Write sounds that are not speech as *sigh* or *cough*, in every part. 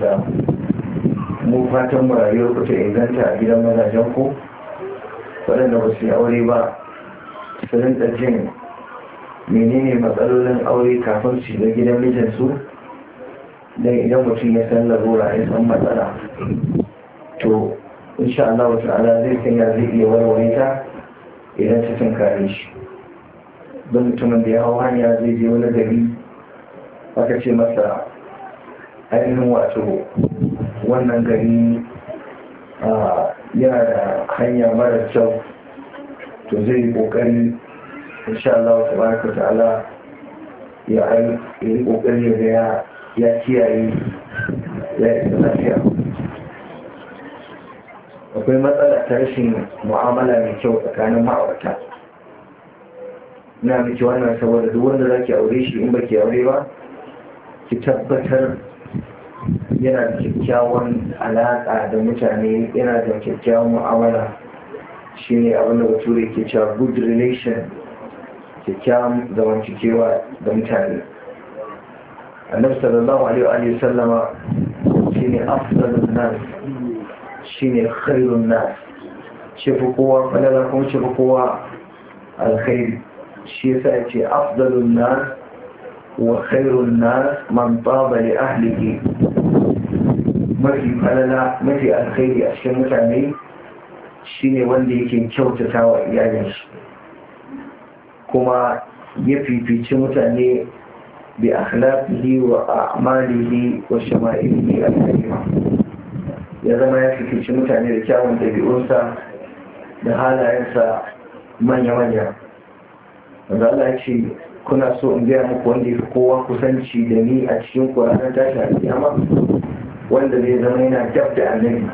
da mu fatan mu rayuwar ku ta inganta a gidan mazajen ku waɗanda ba su yi aure ba su da jin menene matsalolin aure kafin su shiga gidan mijinsu don idan mutum ya san larura ya san matsala to insha Allah Ala zai san zai iya warware ta idan ta kare shi don mutumin da ya hau hanya zai je wani gari aka ce masa ainihin wato wannan gari yana da hanya mara kyau to zai yi kokari insha Allah tabaraka ta'ala ya yi kokari da ya ya kiyaye ya yi lafiya akwai matsala ta rashin mu'amala mai kyau tsakanin ma'aurata na miki wannan saboda duk wanda zaki aure shi in baki aure ba ki tabbatar yana da kyakkyawan alaƙa da mutane yana da kyakkyawan mu'amala shi ne abinda bature ke cewa good relation kyakkyawan zamantakewa da mutane annabi sallallahu alaihi wa sallama shi ne afdalun nas shi ne khairun nas shi fi kowa falala kuma shi fi kowa alkhairi shi yasa ce afdalun nas wa khairun nas man taba li ahlihi mafi falala mafi alkhairi a cikin mutane shine wanda yake kyautata wa iyalinsu kuma ya fifici mutane bi akhlaqihi wa a'malihi wa shama'ilihi al-karima ya zama ya fifici mutane da kyawun dabi'unsa da halayensa manya-manya wanda Allah ce kuna so in gaya muku wanda ya fi kowa kusanci da ni a cikin ƙwararren tashi a kiyama wanda zai zama yana jab da annabi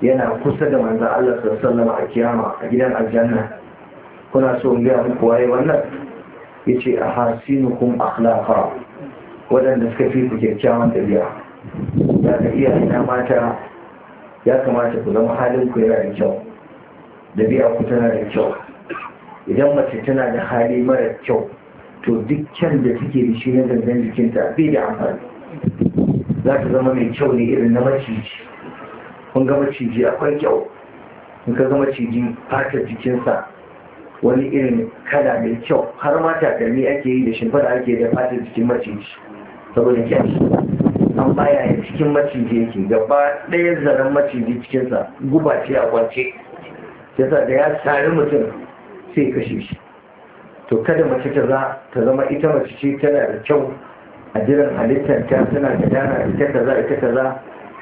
yana kusa da manzan Allah sallallahu a kiyama a gidan aljanna kuna so in gaya muku waye wannan yace a hasinukum akhlaqa wadanda suka fi ku kyakkyawan dabi'a ya ka iya ina mata ya kamata ku zama halin ku yana da kyau dabi'a ku tana da kyau idan mace tana da hali mara kyau to duk kyan da take da shi na gangan jikinta bai da amfani za ta zama mai kyau ne irin na maciji kun ga maciji akwai kyau in ka zama ciji fatar jikinsa wani irin kada mai kyau har ma takalmi ake yi da shimfada ake da fatar jikin maciji saboda kyan an baya ya cikin maciji yake gaba ɗaya zaren maciji cikinsa guba ce a kwance yasa da ya sari mutum sai kashe shi to kada mace ta za ta zama ita mace ce tana da kyau a jiran halittar ta suna gudana ita kaza ita kaza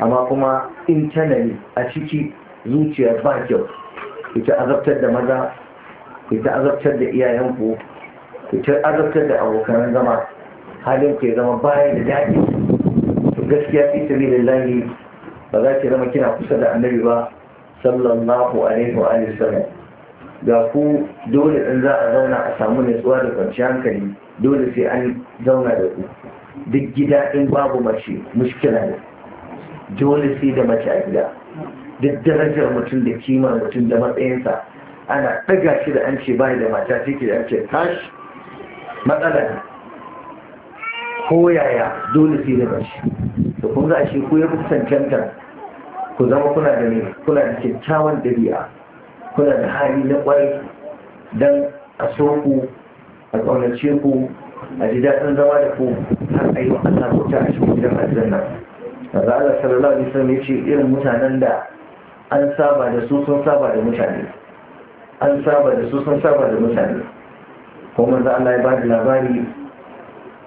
amma kuma internally a ciki zuciyar ba kyau ita azabtar da maza ita azabtar da iyayenku ita azabtar da abokan zama halin ku zama bayan da daɗi gaskiya fi sabilillahi ba za ki zama kina kusa da annabi ba sallallahu alaihi wa alihi wasallam ga ku dole in za a zauna a samu nutsuwa da kwanciyar hankali dole sai an zauna da ku duk gida in babu mace mushkila ne dole sai da mace a gida duk darajar mutum da kimar mutum da matsayinsa ana ɗaga shi da an ce bai da mata take da an ce tash matsala ne ko yaya dole sai da mace to kun ga shi ku ya fi cancanta ku zama kuna da ne kuna da kyakkyawan ɗabi'a kuna da hali na kwai dan a so ku a ƙaunace ku a ji daɗin zama da ku har a yi wa Allah kuta a cikin gidan aljanna nan. Allah sallallahu alaihi wasallam ya ce irin mutanen da an saba da su sun saba da mutane an saba da su sun saba da mutane kuma Allah ya ba da labari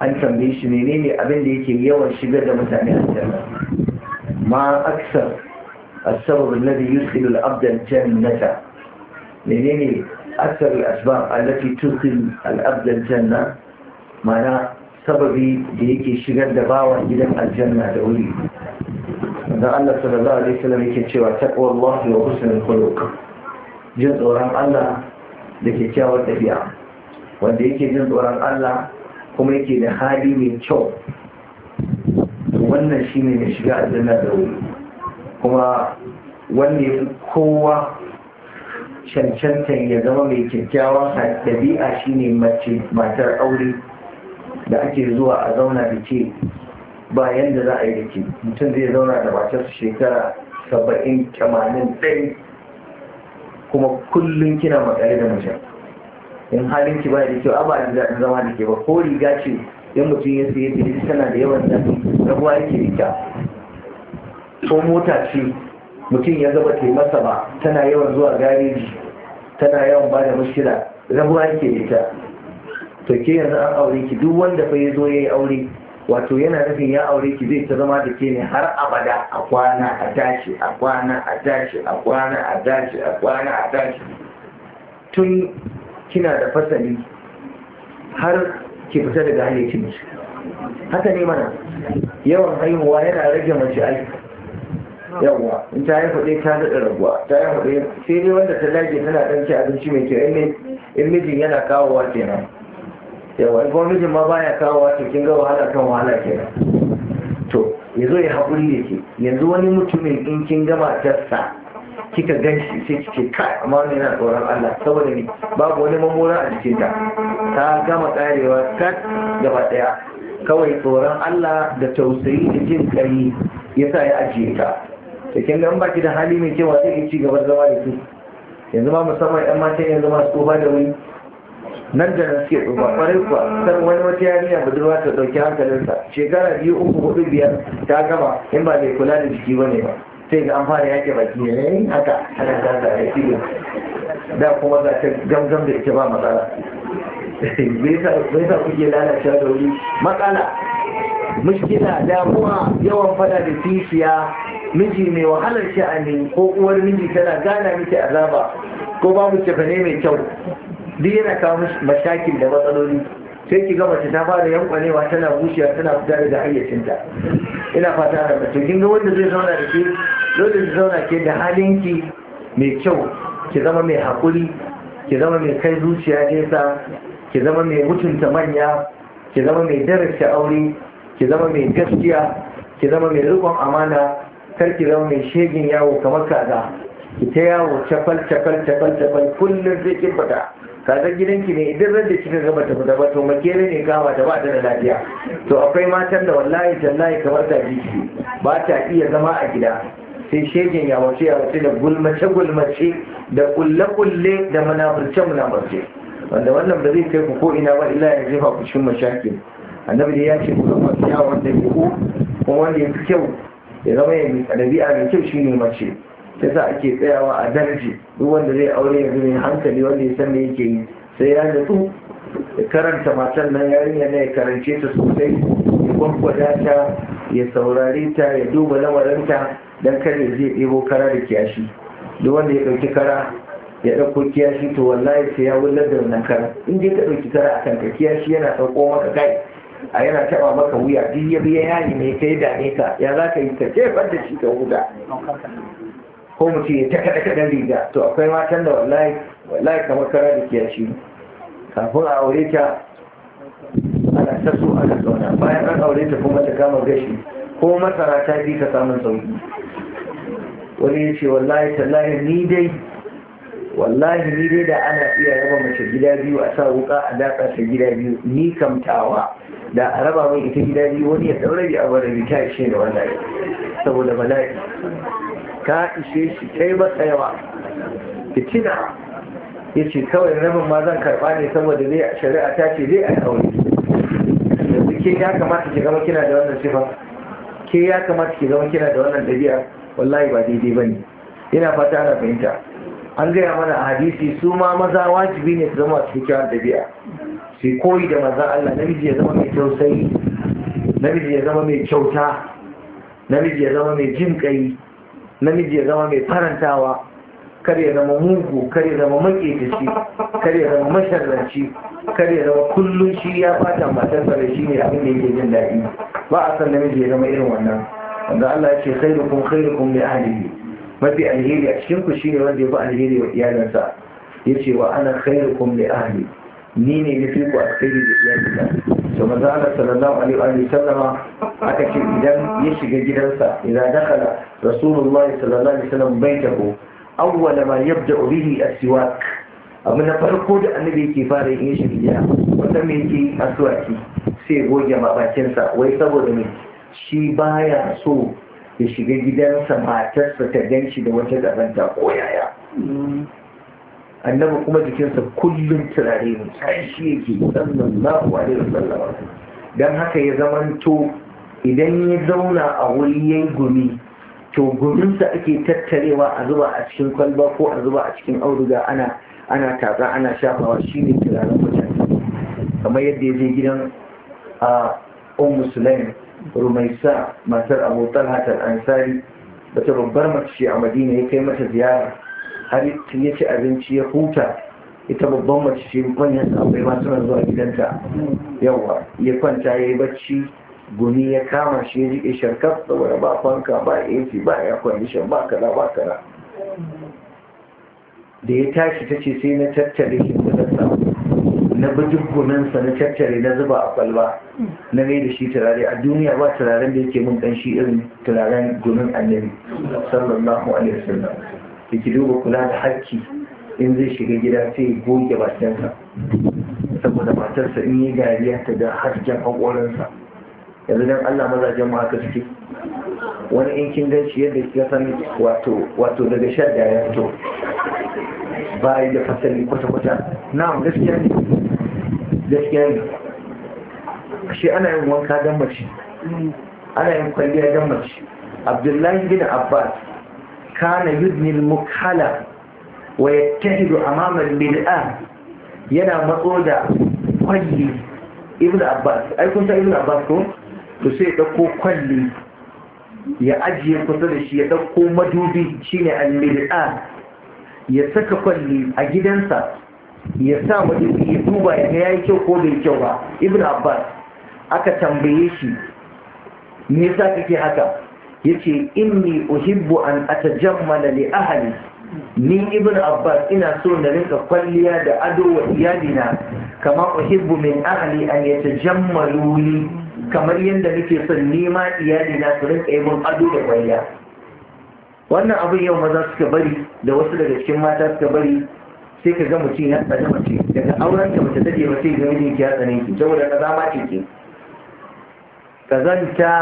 an tambaye shi ne abin da yake yawan shigar da mutane nan? ma aksar السبب الذي يدخل العبد الجنة لأنني أكثر الأسباب التي تدخل العبد الجنة mana sababi da yake shigar da bawan gidan aljanna da wuri da Allah sallallahu alaihi wasallam yake cewa taqwallahi wa husnul khuluq jin tsoron Allah da kyakkyawar ɗabi'a wanda yake jin tsoron Allah kuma yake da hali mai kyau wannan shine mai shiga aljanna da wuri kuma wanda ya kowa cancantan ya zama mai kyakkyawan ɗabi'a shine matar aure da ake zuwa a zauna da ke ba yadda za a yi da ke mutum zai zauna da matarsa shekara saba'in tamanin ɗai kuma kullum kina makare da mutum in halin ki ba da kyau ba a daɗin zama da ke ba ko riga ce in mutum ya sayi ta yi tana da yawan zafi rabuwa yake rika ko mota ce mutum ya zaba ta masa ba tana yawan zuwa gareji tana yawan ba da mushkila rabuwa yake rika to ke yanzu an aure ki duk wanda fa ya zo ya yi aure wato yana nufin ya aure ki zai ta zama da ke ne har abada a kwana a tashi a kwana a tashi a kwana a tashi a kwana a tashi tun kina da fasali har ki fita daga hayyacin shi haka ne mana yawan haihuwa yana rage mace ai yawa in ta yi ɗaya ta daɗa raguwa ta haifa ɗaya sai dai wanda ta lage tana ɗan ci abinci mai kyau in mijin yana kawowa kenan yawa mijin ma baya kawo wato kin ga wahala kan wahala kenan to ya zo ya haƙuri yake yanzu wani mutumin in kin gama tassa kika gan sai kike kai amma wani yana tsoron Allah saboda ni babu wani mamora a jikin ta Ta gama tsarewa kat gaba daya kawai tsoron Allah da tausayi da jin kai yasa ya ajiye ta da kin ga baki da hali mai kyau sai ki ci gaba da zama da su yanzu ma musamman yan mata yanzu masu su da wuri nan da nan suke tsufa kwarai kuwa san wani wata yariya budurwa ta ɗauki hankalinsa shekara biyu uku hudu biyar ta gama in ba mai kula da jiki ba ne ba sai ga an fara yake baki ne eh, haka ana gaza a cikin da kuma za ta gamgam da ita ba matsala bai sa kuke lalacewa da wuri matsala mushkila damuwa yawan fada da kishiya miji mai wahalar sha'ani ko uwar miji tana gana miki azaba ko ba mu cefane mai kyau duk yana kawo mashakin da matsaloli sai ki gama ta fara yankwanewa tana bushewa tana fita daga hayyacinta ina fata da mace kin ga wanda zai zauna da ke dole ki zauna ke da halin ki mai kyau ki zama mai haƙuri ki zama mai kai zuciya nesa ki zama mai mutunta manya ki zama mai darasta aure ki zama mai gaskiya ki zama mai riƙon amana kar ki zama mai shegin yawo kamar kaza ki ta yawo cafal cafal cafal cafal kullum zai kin kaga gidanki ne idan ran da kika gaba ta fita ba to makere ne kama ta ba ta da lafiya to akwai matan da wallahi tallahi kamar ta jiki ba ta iya zama a gida sai shegen ya wace ya wace da gulmace gulmace da kulle kulle da munafurce munafurce wanda wannan ba zai kai ku ko ina ba illa ya jefa ku cikin mashakin annabi ya ce ku zama kiyawa wanda ku kuma wanda ya fi kyau ya zama ya ɗabi'a mai kyau shi shine mace ta sa ake tsayawa a darji duk wanda zai aure yanzu mai hankali wanda ya san da yake yi sai ya nutsu ya karanta matan nan yarinya na ya karance ta sosai ya gwagwada ta ya saurari ta ya duba lamarinta don kare zai ɗebo kara da kiyashi duk wanda ya ɗauki kara ya ɗauko kiyashi to wallahi sai ya wullar da wannan kara in dai ka ɗauki kara a kanka kiyashi yana ɗauko maka kai a yana taɓa maka wuya duk ya biya yayi ne kai da ne ka ya za ka yi ka jefar da shi ka huda. ko mu ce ta kada kada riga to akwai matan da wallahi wallahi kamar kara da shi. kafin a aure ta ana ta so ana zauna bayan an aure ta kuma ta kama gashi ko masara ta bi ta samun sauki wani ya ce wallahi tallahi ni dai wallahi ni dai da ana iya raba mace gida biyu a sa wuka a datsa ta gida biyu ni kamtawa da a raba mai ita gida biyu wani ya daura a bar ta ishe da wallahi saboda bala'i ta ishe shi kai matsayawa fitina ya ce kawai rabin ma zan karɓa ne saboda zai shari'a ta ce zai a aure yanzu ke ya kamata ki zama kina da wannan sifa ke ya kamata ki zama kina da wannan ɗabi'a wallahi ba daidai ba ne ina fata ana fahimta an gaya mana a hadisi su ma maza wajibi ne su zama cikin kyawar ɗabi'a sai koyi da maza Allah namiji ya zama mai tausayi namiji ya zama mai kyauta namiji ya zama mai jin kai namiji ya zama mai farantawa kar ya zama mugu kar ya zama maketaci kar ya zama masharranci kar ya zama kullum shi ya fata matar da shi ne abin da yake jin daɗi ba a san namiji ya zama irin wannan wanda Allah ya ce khairukum khairukum li ahlihi mafi alheri a cikin ku shine wanda ya fi alheri wa iyalansa yace wa ana khairukum li ahli ni ne na fi ku alkhairi da iyali na to manzo Allah sallallahu alaihi wa sallama aka ce idan ya shiga gidansa idan dakala rasulullahi sallallahu alaihi wasallam baitahu awwala ma da bihi a siwak abu na farko da annabi yake fara yin shi gida mai me yake aswaki sai goge mabakinsa wai saboda mai shi baya so ya shiga gidansa matarsa ta gan shi da wata gabanta ko yaya mm. annabi kuma jikinsa kullum turare ne shi yake sallallahu da wasallam Don haka ya zamanto idan ya zauna a wuri yayi gumi to guminsa ake tattarewa a zuba a cikin kwalba ko a zuba a cikin auduga ana ana tatsa ana shafawa shine turaren mutane kamar yadda ya je gidan a ummu sulaim rumaisa matar abu talhatar ansari wata babbar mace a madina ya kai mata ziyara har ya ci abinci ya huta ita babban mace ce manyan sabai masu suna zuwa gidanta yawa ya kwanta ya yi bacci gumi ya kama shi ya jiƙe sharkar saboda ba fanka ba ac ba ya kwandishan ba kala ba kaza da ya tashi ta ce sai na tattare shi na gunansa na tattare na zuba a kwalba na mai da shi turare a duniya ba turaren da yake mun kanshi irin turaren gumin annabi sallallahu alaihi wasallam da ki duba kula da haƙƙi in zai shiga gida sai goge bakinsa saboda matarsa in yi dariya ta da harjan haƙorinsa yanzu don allah mazajen ma suke wani in kin gan shi yadda ya san wato daga sha da ya fito ba yi da fasali kwata-kwata na gaskiya ne gaskiya ne shi ana yin wanka don mace ana yin kwalliya don mace abdullahi gina abbas kana yudni mukhala wa yattahidu amama al-mir'ah yana matso da kwalli ibnu abbas ai kun san ibnu abbas ko to dauko kwalli ya ajiye kusa da shi ya dauko madubi shine al-mir'ah ya saka kwalli a gidansa ya sa madubi ya duba ya ga yayi kyau ko bai kyau ba ibnu abbas aka tambaye shi me yasa kake haka yace inni uhibbu an atajammala li ahli ni ibn abbas ina so na rinka kwalliya da ado wa iyalina kama uhibbu min ahli an yatajammalu li kamar yadda nake son nema iyalina su rinka yi mun ado da kwalliya wannan abin yau maza suka bari da wasu daga cikin mata suka bari sai ka ga mutum ya tsane mace daga auren ka mace take ba sai ga mijinki ya tsane ki saboda kaza ma ce ke kazanta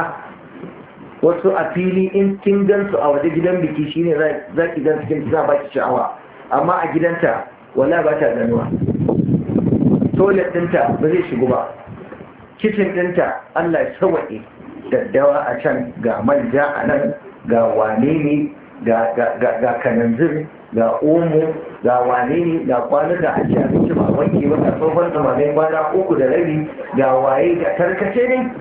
wasu a fili in kin gansu a waje gidan biki shine za ki gan cikin za baki sha'awa amma a gidanta wala ba ta ganuwa toilet ɗinta ba zai shigo ba kicin ɗinta Allah ya sawaye daddawa a can ga manja a nan ga wane ne ga kananzir ga omo ga wane ne ga kwanu da ake abinci ba wanke ba ga tsohon zamanin kwana uku da rabi ga waye ga tarkace ne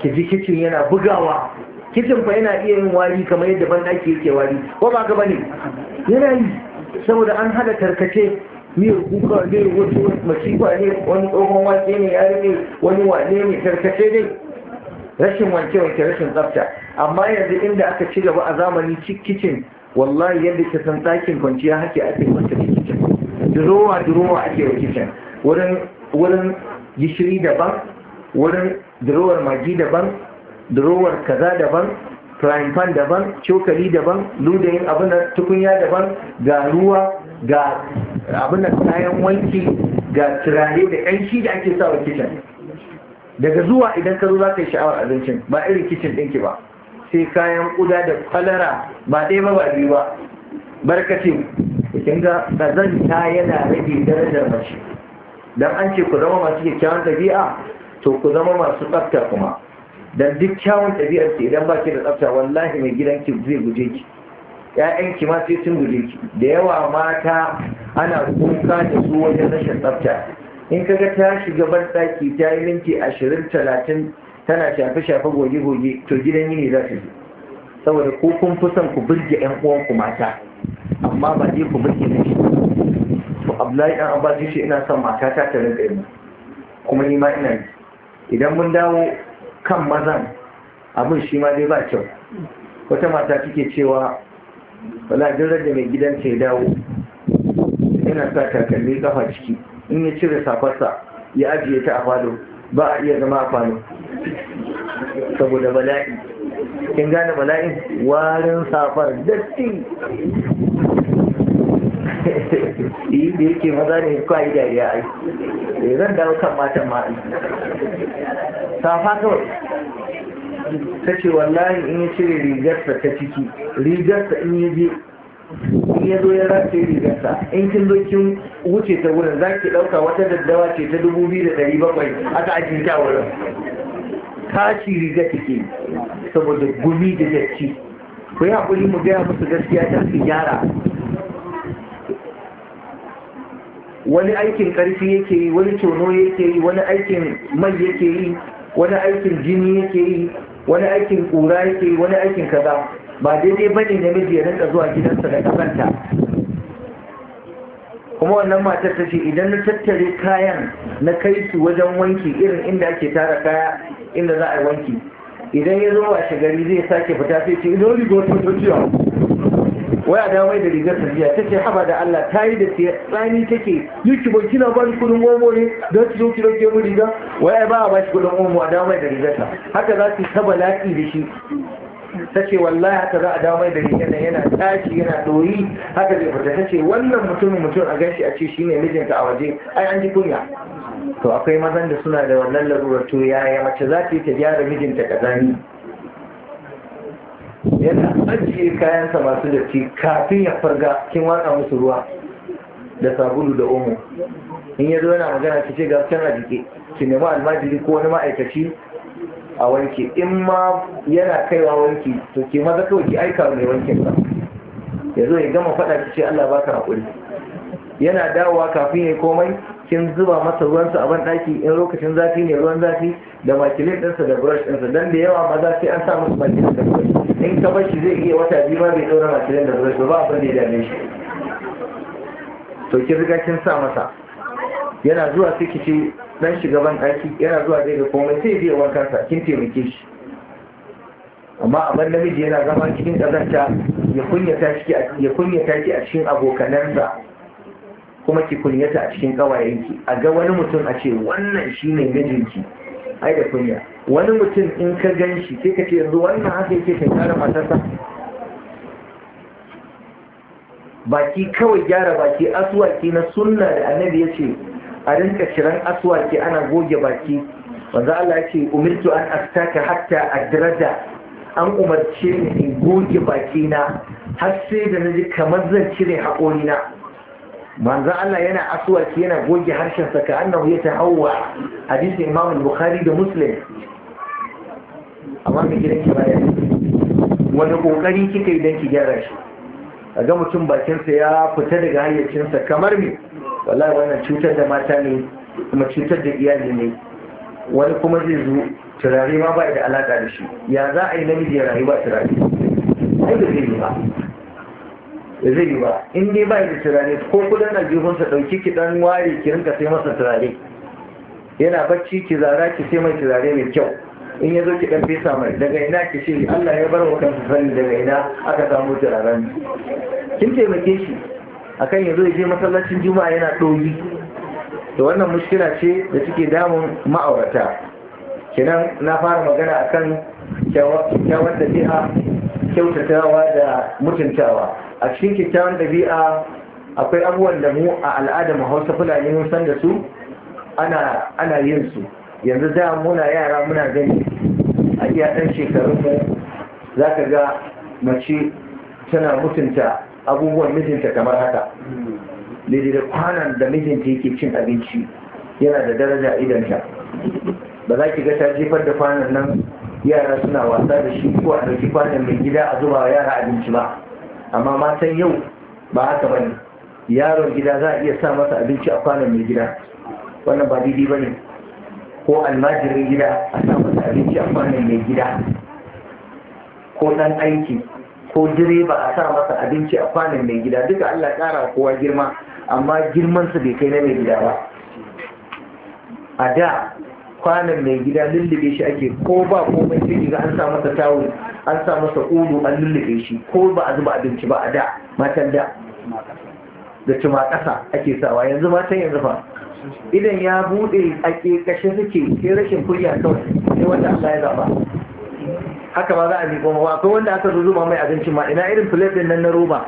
ki ji kicin yana bugawa kicin fa yana iya yin wari kamar yadda ban ke yake wari ko ba ka bane yana yi saboda an hada tarkace miyar kuka ne wasu masifa ne wani tsohon wake ne yare ne wani wane ne tarkace ne rashin wanke wanke rashin tsafta amma yanzu inda aka ci gaba a zamani kicin wallahi yadda ka san ɗakin kwanciya hake ake kwanta da kicin durowa durowa ake wa kicin wurin gishiri daban wurin durowar magi daban durowar kaza daban frying daban cokali daban ludayin abin tukunya daban ga ruwa ga abin kayan wanki ga turare da ƙanshi da ake sawa kitchen daga zuwa idan ka zo za ka yi sha'awar abincin ba irin kitchen ɗinki ba sai kayan ƙuda da kwalara ba ɗaya ba ba biyu ba barkacin kin ga ta yana rage darajar mashi. Don an ce ku zama masu kyakkyawan ɗabi'a to ku zama masu tsafta kuma dan duk kyawun ɗabi'ar ki idan baki da tsafta wallahi mai gidanki zai guje ki ƴaƴan ki ma sai sun guje ki da yawa mata ana kuka da su wajen rashin tsafta in kaga ta shiga ban ɗaki ta yi minti ashirin talatin tana shafe shafe goge goge to gidan yini za su je saboda ko kun fi son ku burge ƴan uwanku mata amma ba dai ku burge na shi to Abdullahi dan Abbas shi ina son matata ta rinƙa yi kuma ni ma ina idan mun dawo kan mazan abin shi ma dai ba kyau wata mata kike cewa wala duk da mai gidanta ya dawo yana sa takalmi kafa ciki in ya cire safarsa ya ajiye ta a falo ba a iya zama a falo saboda bala'i kin gane bala'in warin safar datti yi da yake maza ne kwa yi ya yi da zan dawo kan matan ma ai safa kawai ta ce wallahi in ya cire rigarsa ta ciki rigarsa in ya je in ya zo ya rasa rigarsa in kin zo kin wuce ta wurin za ki ɗauka wata daddawa ce ta dubu biyu da ɗari bakwai aka ajiye ta wurin tashi riga take saboda gumi da datti ku yi haƙuri mu gaya musu gaskiya ta su gyara wani aikin karfi yake yi wani tono yake yi wani aikin mai yake yi wani aikin jini yake yi wani aikin kura yake yi wani aikin kaza ba daidai ba bane namiji ya rinka zuwa gidansa da kafanta kuma wannan matar ta ce idan na tattare kayan na kai su wajen wanki irin inda ake tara kaya inda za a yi wanki idan ya zo wa gari zai sake fita sai ce ina rigo ta tafiya waya da mai da rigar tarbiya ta ce haba da Allah ta yi da tsani take yuki bai kina ba ni kudin omo ne don ki zoki don dauke riga waya ba ba shi kudin omo a da mai da rigar ta haka za su ta laƙi da shi ta ce wallahi haka za a da mai da rigar nan yana tashi yana doyi haka zai fita ta ce wannan mutumin mutum a gashi a ce shine mijinta a waje ai an ji kunya to akwai mazan da suna da wannan larurar to yaya mace za ta yi ta gyara mijinta kazani yana ajiye kayansa masu datti kafin ya farga kin watsa musu ruwa da sabulu da omo in ya zo yana magana ki ce ga a jike ki nemi almajiri ko wani ma'aikaci a wanke in ma yana kaiwa wanki to ke maza kawai ki aika mai wankin ba ya zo ya gama faɗa ki ce Allah baka haƙuri yana dawowa kafin ya komai kin zuba masa ruwansa a ban daki in lokacin zafi ne ruwan zafi da makilin ɗinsa da brush ɗinsa don da yawa maza sai an sa musu makilin da brush in ka bar shi zai iya wata biyu ma bai ɗora makilin da brush ba abin da ya dame shi to kin riga kin sa masa yana zuwa sai ki ce dan shiga ban daki yana zuwa zai ga komai sai biya wankan sa kin taimake shi amma abin namiji yana zama cikin ƙazanta ya kunyata shi a cikin abokanansa kuma ki kunyata a cikin kawayenki a ga wani mutum a ce wannan shi ne mijinki ai da kunya wani mutum in ka gan shi sai ka ce yanzu wannan haka yake kan gyara matarsa baki kawai gyara baki asuwaki na sunna da annabi ya ce a rinka shirin aswaki ana goge baki wanda Allah ya ce umirtu an astaka hatta adrada an umarce ni goge baki na har sai da na ji kamar zan cire haƙori na manzon Allah yana ki yana goge harshen sa ka annahu tahawwa hadisi Imam al-Bukhari da Muslim amma me gidan ki baya wani kokari kika idan ki gyara shi ga mutum bakin sa ya fita daga hayyacin sa kamar me wallahi wannan cutar da mata ne kuma cutar da iyali ne wani kuma zai zo turare ma ba da alaka da shi ya za a yi namiji ya rayu ba turare ai da zai ba da zai yi ba in dai ba da turare ko kudin aljihunsa ɗauki ki ɗan ware ki rinka sai masa turare yana bacci ki zara ki sai mai turare mai kyau in ya zo ki ɗan fesa mai daga ina ki shi Allah ya bar wa kansa sani daga ina aka samu turaren kin taimake shi akan ya zo ya je masallacin juma'a yana ɗoyi da wannan mushkila ce da take damun ma'aurata kenan na fara magana akan kyawar da kyautatawa da mutuntawa a cikin kyakkyawan ɗabi'a akwai abubuwan da mu a al'adar mahausa fulani mun san da su ana yin su yanzu da muna yara muna gani a iya ɗan shekarun mu za ka ga mace tana mutunta abubuwan mijinta kamar haka daidai da kwanan da mijinta yake cin abinci yana da daraja idanta ba za ki ga ta jefar da kwanan nan yara suna wasa da shi ko a ɗauki kwanan mai gida a zuba yara abinci ba amma matan yau ba haka ba ne yaron gida za a iya sa masa abinci a kwanan mai gida wannan ba daidai ba ne ko almajirin gida a sa masa abinci a kwanan mai gida ko ɗan aiki ko direba a sa masa abinci a kwanan mai gida duka allah ƙara kowa girma amma girmansa bai kai na mai gida ba a da kwanan mai gida lullube shi ake ko ba komai sai ga an sa masa tawo an sa masa ulu an lullube shi ko ba a zuba abinci ba a da matan da da tuma kasa ake sawa yanzu matan yanzu fa idan ya bude a ƙeƙashe suke sai rashin kunya kawai sai wanda aka ya zaba haka ba za a miƙo ma akwai wanda aka zo zuba mai abincin ma ina irin plate din nan na roba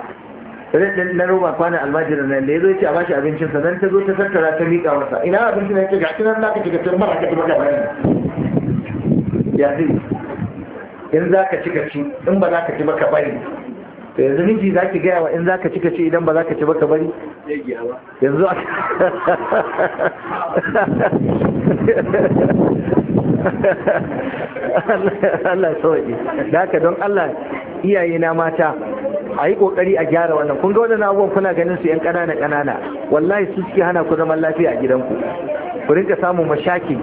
sai na roba kwanan almajirin nan da ya zo ce a bashi abincin sa nan ta zo ta tattara ta miƙa masa ina abincin ya ce ga shi nan Na cika cin mara ka tuba baka bayani ya zai in za ka cika ci in ba za ka ci ka bari to yanzu miji za ki gaya wa in za ka cika ci idan ba za ka ci ka bari yanzu a *laughs* Allah ya sauke da haka don Allah iyaye na mata a yi kokari a gyara wannan kun ga wannan abubuwan kuna ganin su yan ƙanana kanana wallahi su suke hana ku zaman lafiya a gidanku ku rinka samun mashaki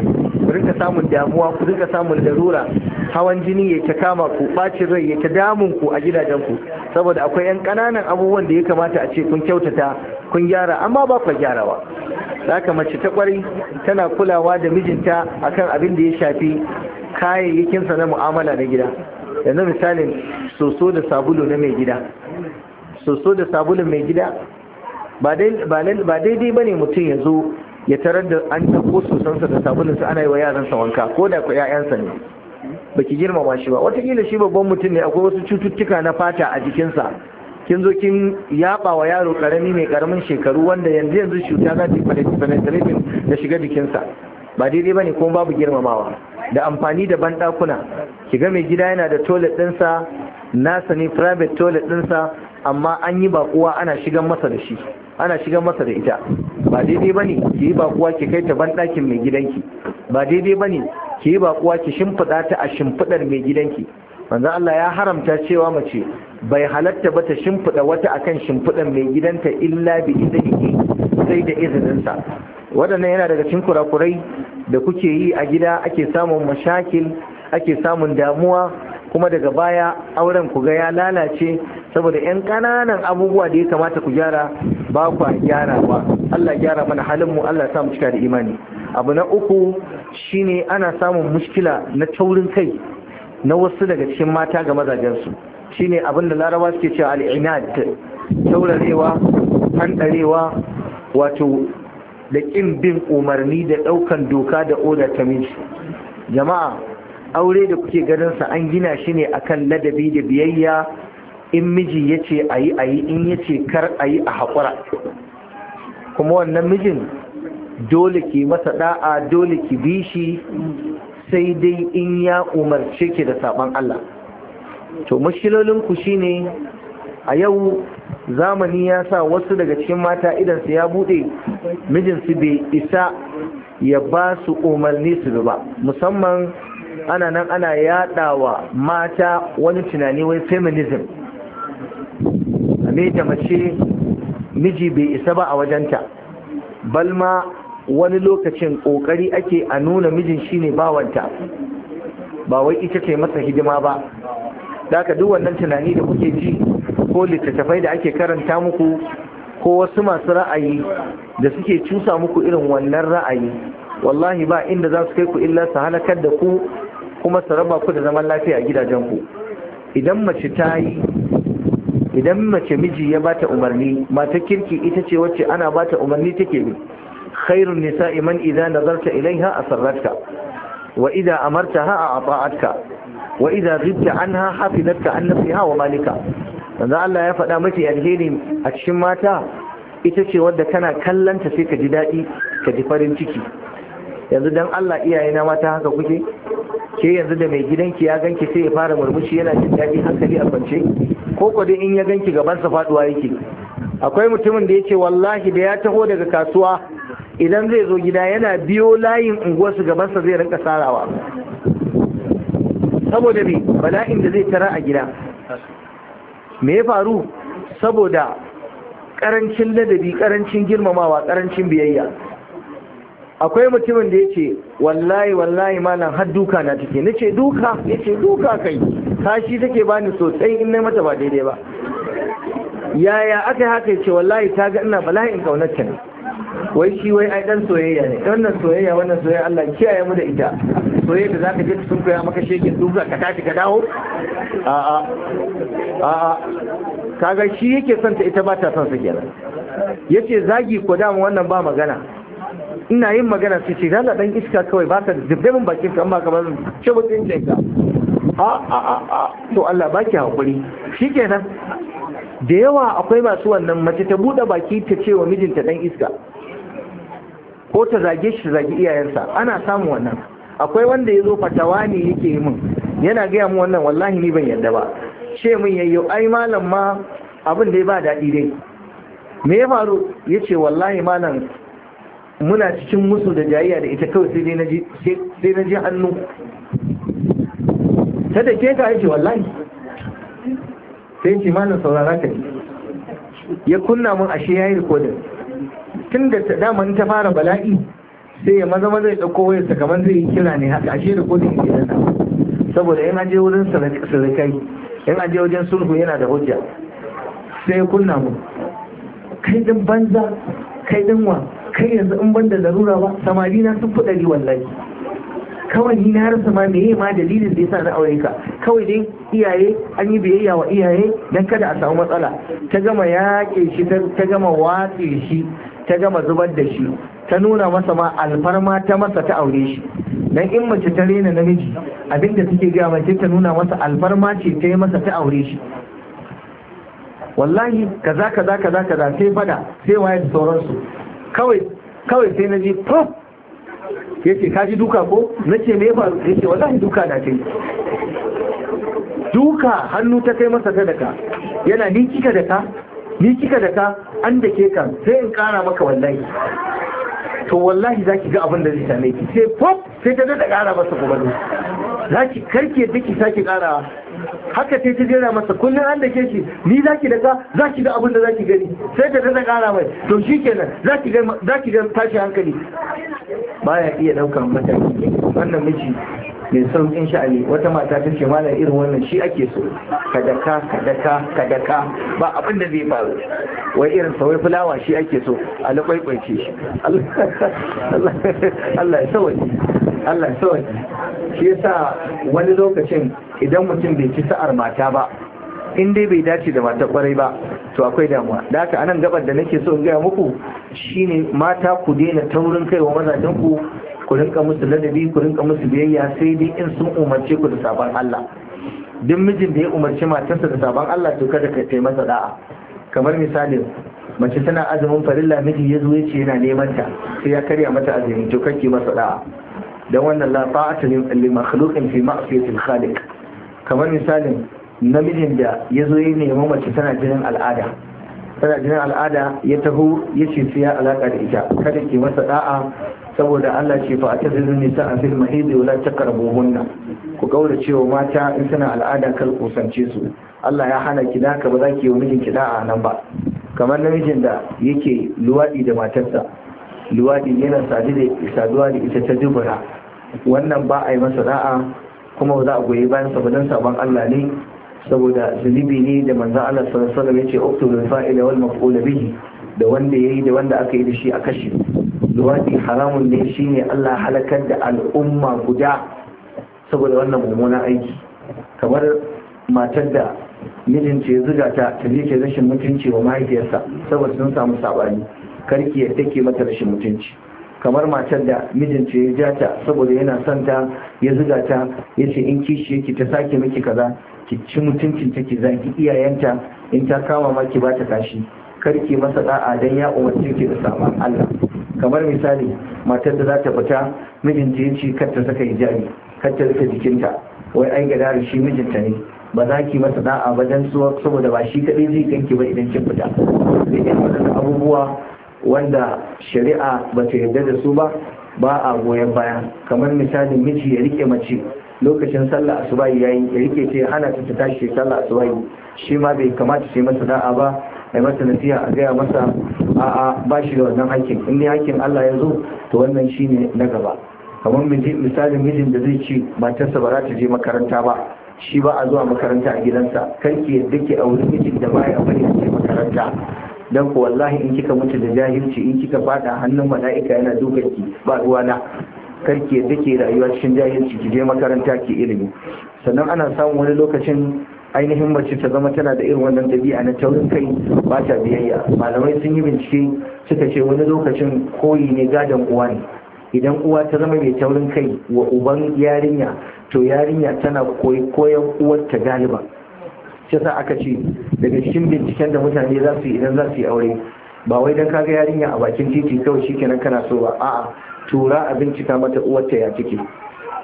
ku rinka samun damuwa ku rinka samun larura hawan jini ya ta kama ku bacin rai ya ta damun ku a gidajen ku saboda akwai yan kananan abubuwan da ya kamata a ce kun kyautata kun gyara amma ba ku gyarawa ka mace ta kwari tana kulawa da mijinta akan abin da ya shafi kayayyakinsa na mu'amala na gida yanzu misalin soso da sabulu na mai gida soso da sabulun mai gida ba daidai ba ne mutum ya zo ya tarar da an tabo sosonsa da sabulunsa ana yi wa yaransa wanka ko da ku 'ya'yansa ne baki ki girmama shi ba watakila shi babban mutum ne akwai wasu cututtuka na fata a jikinsa kin zo kin yaba wa yaro karami mai karamin shekaru wanda yanzu yanzu cuta za ta penetrating da shiga jikinsa ba daidai ba ne kuma babu girmamawa da amfani da banɗakuna ga mai gida yana da toilet ɗinsa nasa ne private toilet ɗinsa amma an yi bakuwa ana shigan masa da shi ana shigan masa da ita ba daidai bane ki yi bakuwa ki kai ta banɗakin mai gidanki ba daidai bane ki yi bakuwa ki shimfiɗa ta a shimfiɗar mai gidanki manzo Allah ya haramta cewa mace bai halatta ba ta shimfiɗa wata akan shimfiɗar mai gidanta illa bi idanihi sai da izininsa waɗannan yana daga cikin kurakurai da kuke yi a gida ake samun mashakil ake samun damuwa kuma daga baya auren ku ga ya lalace saboda yan ƙananan abubuwa da ya kamata ku gyara ba ku gyara ba Allah gyara mana halin mu Allah samu cika da imani abu na uku shine ana samun muskila na taurin kai na wasu daga cikin mata ga mazajensu shine abin da laraba suke cewa al'inad taurarewa hanɗarewa wato da kin bin umarni da ɗaukan doka da oda ta miji jama'a aure da kuke ganin sa an gina shi ne akan ladabi da biyayya in miji yace ayi ayi in yace kar ayi yi a haƙura kuma wannan mijin dole ki masa da'a dole ki bi shi sai dai in ya umarce ki da saban Allah to shi shine a yau zamani ya sa wasu daga cikin mata idan su ya bude mijinsu bai isa ya ba su umarni su ba musamman ana nan ana yaɗawa mata wani tunani wai feminism a da mace miji bai isa ba a wajenta balma wani lokacin ƙoƙari ake a nuna mijin shine bawanta ba wai ita ce masa hidima ba daga duk wannan tunani da kuke ji ko littattafai da ake karanta muku ko wasu masu ra'ayi da suke cusa muku irin wannan ra'ayi wallahi ba inda za su kai ku illa su halakar da ku kuma su raba ku da zaman lafiya a gidajenku idan mace ta yi idan mace miji ya bata umarni mata kirki ita ce wacce ana bata umarni take bi khairun nisa'i man idza nazarta ilaiha asarratka wa idza amartaha a'ta'atka wa idza ghibta anha hafizatka an nafsiha wa malika Yanzu Allah ya faɗa mace alheri a cikin mata ita ce wadda kana kallanta sai ka ji daɗi ka ji farin ciki yanzu dan Allah iyaye na mata haka kuke ke yanzu da mai gidanki ya ganki sai ya fara murmushi yana jin daɗi hankali a kwance ko ko in ya ganki sa faduwa yake akwai mutumin da yake wallahi da ya taho daga kasuwa idan zai zo gida yana biyo layin unguwarsu sa zai rinka sarawa saboda me bala'in da zai tara a gida me ya faru saboda karancin ladabi karancin girmamawa karancin biyayya akwai mutumin da ce, wallahi wallahi malam har duka na take nace duka yace duka kai kashi take bani sosai in nayi mata ba daidai ba yaya aka yi haka yace wallahi ta ga ina in kaunar ta ne wai shi wai ai dan soyayya ne wannan soyayya wannan soyayya Allah kiyaye mu da ita soyayya da zaka je sun koya maka shege duka ka tashi ka dawo a a a a kaga shi yake son ta ita ba ta son sa kenan yace zagi ko da wannan ba magana ina yin magana sai ce dala dan iska kawai ba ka zubbe min bakin ka amma kamar ba ce a a a to Allah baki hakuri shikenan da yawa akwai masu wannan mace ta buɗe baki ta ce wa mijinta ɗan iska ko ta zage shi zage iyayensa ana samu wannan akwai wanda ya zo fatawa ne yake yi min yana gaya mu wannan wallahi ni ban yarda ba ce min yayyo ai malam ma abin da ya ba daɗi dai me ya faru ya ce wallahi malam muna cikin musu da jayayya da ita kawai sai na ji hannu ta da ke ka aiki, wallahi sai ce na saurara ka ya kunna mun ashe ya yi rikodin tun da ta daman ta fara bala'i sai ya maza maza ya ɗauko wayar sa kamar zai yi kira ne haka ashe rikodin ke da saboda yana je wurin sarakai yana je wajen sulhu yana da hujja sai ya kunna mun kai din banza kai din wa kai yanzu in ban da larura ba samari na sun ɗari wallahi kawai ni na rasa ma meye ma dalilin da yasa na aure ka kawai dai iyaye an yi biyayya wa iyaye dan kada a samu matsala ta gama yaƙe shi ta gama watse shi ta gama zubar da shi ta nuna masa ma alfarma ta masa ta aure shi dan in mace ta rena namiji abinda take ga mace ta nuna masa alfarma ce ta yi masa ta aure shi wallahi kaza kaza kaza kaza sai fada sai waye da sauransu kawai sai na ji pop ya ce kaji duka ko na ce me faru ya ce wallahi duka na ce duka hannu ta kai masa sadaka yana ni kika da ni kika da an da ke kan sai in kara maka wallahi to wallahi za ki ga abin da zai same ki sai pop sai ta dada ƙara masa kubalo za ki karke da ki sake haka sai ta jera masa kullum an da ke shi ni za ki daga za ki ga abin da za ki gani sai ta dada ƙara mai to shi kenan za ki ga tashi hankali baya iya ɗaukar mataki wannan miji mai saukin sha'ani wata mata ta ce malam irin wannan shi ake so ka daka ka daka ka daka ba abin da zai faru wai irin sa fulawa shi ake so a lakwaikwaice shi Allah ya sawaki Allah ya sawaki shi yasa wani lokacin idan mutum bai ci sa'ar mata ba in dai bai dace da mata kwarai ba to akwai damuwa da haka anan gabar da nake so in gaya muku shine mata ku daina taurin kai wa mazajen ku ku rinka musu ladabi ku rinka musu biyayya sai dai in sun umarce ku da sabon Allah duk mijin da ya umarci matarsa da sabon Allah to kada ka kai masa da'a kamar misali mace tana azumin farilla miji ya zo ya ce yana neman ta sai ya karya mata azumi to kake masa da'a dan wannan la ta'ata li makhluqin fi ma'siyati khaliq kamar misalin namijin da ya zo ya nemi mace tana jinin al'ada tana jinin al'ada ya taho ya ce sai ya alaka da ita kada ke masa da'a saboda Allah ce fa ta zirin nisa a fil mahidi wala hunna ku kaura cewa mata in suna al'ada kar kusance su Allah ya hana ki ka ba za ki yi mijin ki da'a nan ba kamar namijin da yake luwadi da matarsa luwadi yana saduwa da ita ta dubura wannan ba a yi masa da'a kuma ba za a goyi bayan sa sabon Allah ne saboda zunubi ne da manzan Allah sallallahu alaihi wasallam yace uktubul fa'ila wal maf'ul bihi da wanda yayi da wanda aka yi da shi a kashe luwaɗi haramun ne shine Allah halakar da al'umma guda saboda wannan mummunan aiki kamar matar da mijinta ya zuga ta ta je ke rashin mutunci wa mahaifiyarsa saboda sun samu sabani karki ya take mata rashin mutunci kamar matar da mijinta ya ja ta saboda yana son ta ya zuga ta ya ce in kishi yake ta sake miki kaza ki ci mutuncin ta zaki iyayenta in ta kama maki ki ba ta kashi karki masa da'a dan ya umarci ki da saman Allah kamar misali matar da za ta fita mijinta ya ce kar ta saka hijabi kar ta rufe jikinta wai ai gadara shi mijinta ne ba za ki masa a ba suwa saboda ba shi kaɗai zai kanki ba idan kin fita sai dai abubuwa wanda shari'a ba ta yarda da su ba ba a goyon baya kamar misali miji ya rike mace lokacin sallah asubahi yayi ya rike ta hana ta tashi sallah asubahi shi ma bai kamata sai masa da'a ba a masa nasiha a gaya masa a'a ba shi da wannan hakkin in ne hakkin Allah ya zo to wannan shine na gaba kamar miji misalin mijin da zai ci matarsa ba za ta je makaranta ba shi ba a zuwa makaranta a gidansa ki yadda ke a wurin mijin da baya bari a je makaranta dan ku wallahi in kika mutu da jahilci in kika fada hannun mala'ika yana dukan ki ba ruwana karki yadda ke rayuwa cikin jahilci ki je makaranta ki ilimi sannan ana samun wani lokacin ainihin mace ta zama tana da irin wannan dabi'a na taurin kai ba ta biyayya malamai sun yi bincike suka ce wani lokacin koyi ne gadon uwa ne idan uwa ta zama mai taurin kai wa uban yarinya to yarinya tana koyi koyon uwarta galiba shi yasa aka ce daga cikin binciken da mutane za su yi idan za su yi aure ba wai don kaga yarinya a bakin titi kawai shikenan kana so ba a'a tura a bincika mata uwarta ya ciki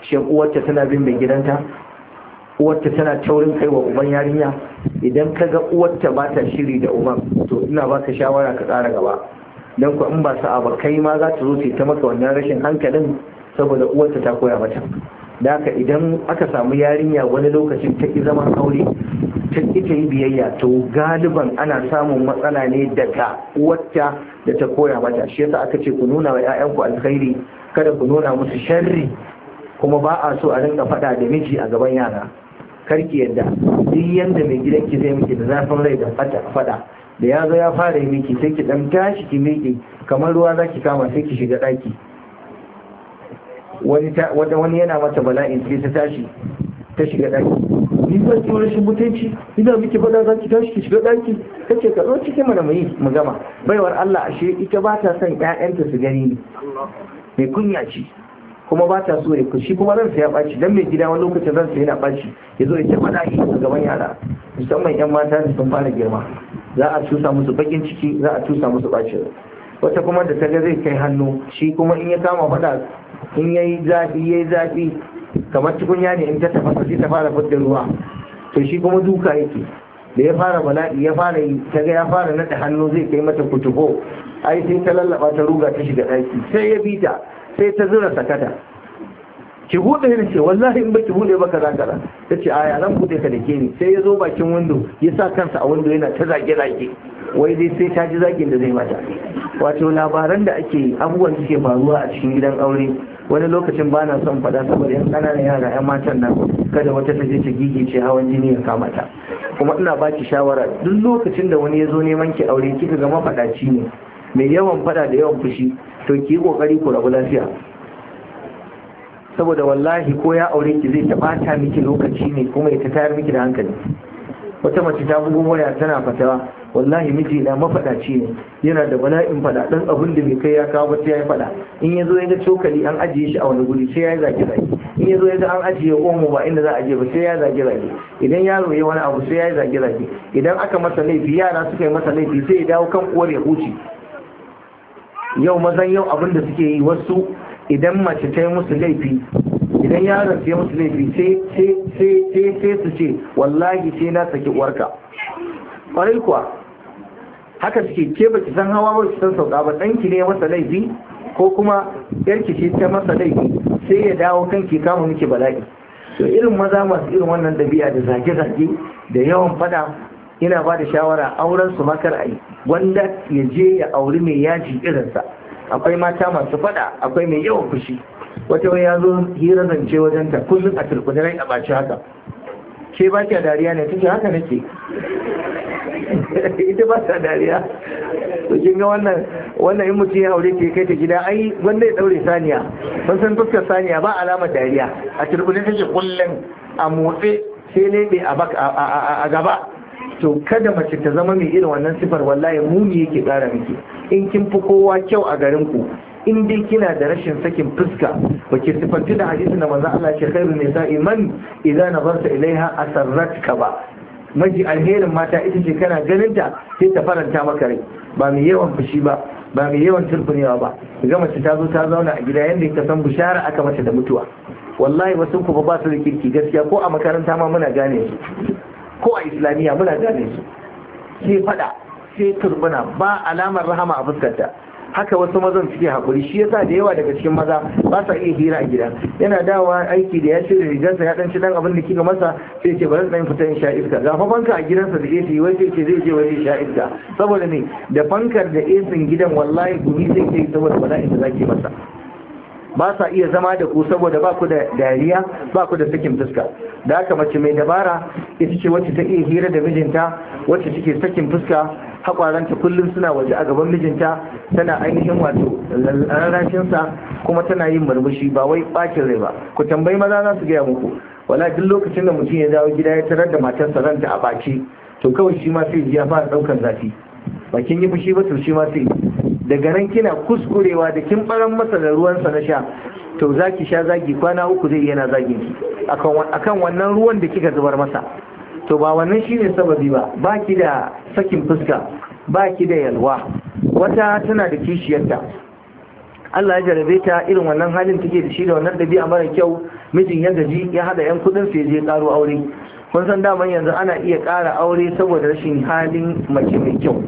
shin uwarta tana bin mai gidanta uwarta tana taurin kai wa uban yarinya idan ka ga uwarta ba ta shiri da uban to ina ba ka shawara ka tsara gaba don ku in ba su a kai ma za ta zo ta maka wannan rashin hankalin saboda uwarta ta koya mata da haka idan aka samu yarinya wani lokacin ta ki zama aure ta ki ta yi biyayya to galiban ana samun matsala ne daga uwarta da ta koya mata shi yasa aka ce ku nuna wa 'ya'yanku alkhairi kada ku nuna musu sharri kuma ba a so a rinka faɗa da miji a gaban yara karki yadda duk yadda mai ki zai miki da zafin rai da fada da ya zo ya fara yi miki sai ki dan tashi ki miki kamar ruwa za ki kama sai ki shiga ɗaki wani yana mata bala'in sai ta tashi ta shiga ɗaki ni ba ki rashin mutunci ina miki fada za ki tashi ki shiga ɗaki ta ce ka zo cikin mana mai mu gama baiwar Allah ashe ita ba ta son ƴaƴanta su gani ne mai kunya ce kuma ba ta so ya kushi kuma zan saya ɓaci don mai gida wani lokacin zan saya na ɓaci ya zo ya ce mana yi a gaban yara musamman yan mata da sun fara girma za a cusa musu bakin ciki za a cusa musu ɓacin wata kuma da ta ga zai kai hannu shi kuma in ya kama faɗa in ya yi zafi ya yi zafi kamar tukunya ne in ta tafasa sai ta fara fitar ruwa to shi kuma duka yake da ya fara bala'i ya fara yi ta ga ya fara naɗa hannu zai kai mata kutubo ai sai ta lallaba ta ruga ta shiga ɗaki sai ya bi ta sai ta zura sakata ki buɗe ne ce wallahi in baki buɗe ba kaza kaza ta ce aya zan bude ka da ke ni sai ya zo bakin wando ya sa kansa a wando yana ta zage zage wai dai sai ta ji zagin da zai mata wato labaran da ake abubuwan da ke faruwa a cikin gidan aure wani lokacin ba na son faɗa saboda yan kananan yara yan matan nan kada wata ta je ta ce hawan jini ya kama ta kuma ina baki shawara duk lokacin da wani ya zo neman ki aure kika ga mafaɗaci ne mai yawan fada da yawan fushi to ki yi kokari ku rabu lafiya saboda wallahi ko ya aure ki zai ta bata miki lokaci ne kuma ita tayar miki da hankali wata mace ta bugu waya tana fatawa wallahi miji na mafadaci ne yana da bala'in fada dan abin da bai kai ya kawo ba sai ya fada in ya zo ya ga cokali an ajiye shi a wani guri sai ya zage zage in ya zo ya ga an ajiye omo ba inda za a je ba sai ya zage zage idan yaro ya wani abu sai ya zage zage idan aka masa laifi yara suka yi masa laifi sai ya dawo kan uwar ya huce yau mazan yau abin da suke yi wasu idan mace ta yi musu laifi idan yaron ta yi musu laifi sai su ce wallahi sai na saki uwarka ƙwarai kuwa haka suke ke baki san hawa ba su san sauka ba ɗanki ne masa laifi ko kuma yarki ce ta masa laifi sai ya dawo kanki kama muke bala'i to irin maza masu irin wannan dabi'a da zage-zage da yawan fada ina ba da shawara auren su makar a yi wanda ya je ya auri mai yaji irinsa akwai mata masu fada akwai mai yawan fushi wata wai ya zo hira zance wajen ta kullum a turkuni rai a baci haka ke ba kya dariya ne take haka nake *laughs* ita ba ta dariya to kin ga wannan wannan in mutum ya aure ke kai ta gida ai wanda ya daure saniya ban san fuskar saniya ba alama dariya a turkuni take kullum a motsi sai ne a gaba to kada mace ta zama mai irin wannan sifar wallahi muni yake tsara miki in kin fi kowa kyau a garin ku in dai kina da rashin sakin fuska ba ke sifanti da hadisin da manzo Allah ce khairu nisa iman idan nazarta ilaiha asarratka ba maji alherin mata ita ce kana ganin ta sai ta faranta maka rai ba mai yawan fushi ba ba mai yawan turfunewa ba ga mace ta zo ta zauna a gida yadda ka san bushara aka mace da mutuwa wallahi wasu ku ba su da kirki gaskiya ko a makaranta ma muna gane su ko a islamiyya muna gane su sai fada sai turbina ba alamar rahama a fuskarta haka wasu mazan suke haƙuri shi yasa da yawa daga cikin maza ba sa iya hira a gida yana dawa aiki da ya ce da rigarsa ya dan ci dan abin da kika masa sai ce bari dan fita in sha iska ga fa fanka a gidansa da AC wai sai ce zai je wai sha iska saboda ne da fankar da esin gidan wallahi gumi zai ke saboda bala'in da zaki masa ba sa iya zama da ku saboda ba ku da dariya ba ku da sakin fuska da haka mace mai dabara ita ce wacce ta iya hira da mijinta wacce take sakin fuska hakwaranta kullum suna waje a gaban mijinta tana ainihin wato rarrashinsa kuma tana yin murmushi ba wai bakin rai ba ku tambayi maza za su gaya muku wala duk lokacin da mutum ya dawo gida ya tarar da matarsa ranta a baki to kawai shi ma sai ya fara ɗaukar zafi bakin yi fushi ba to shi ma sai daga nan kina kuskurewa da kin baran masa da ruwansa na sha to za ki sha zagi kwana uku zai yana zagin ki akan wannan ruwan da kika zubar masa to ba wannan shine sababi ba baki da sakin fuska baki da yalwa wata tana da kishiyarta Allah ya jarabe ta irin wannan halin take da shi da wannan dabi'a mara kyau mijin ya gaji ya hada yan kudin sai je karo aure kun san daman yanzu ana iya ƙara aure saboda rashin halin mace mai kyau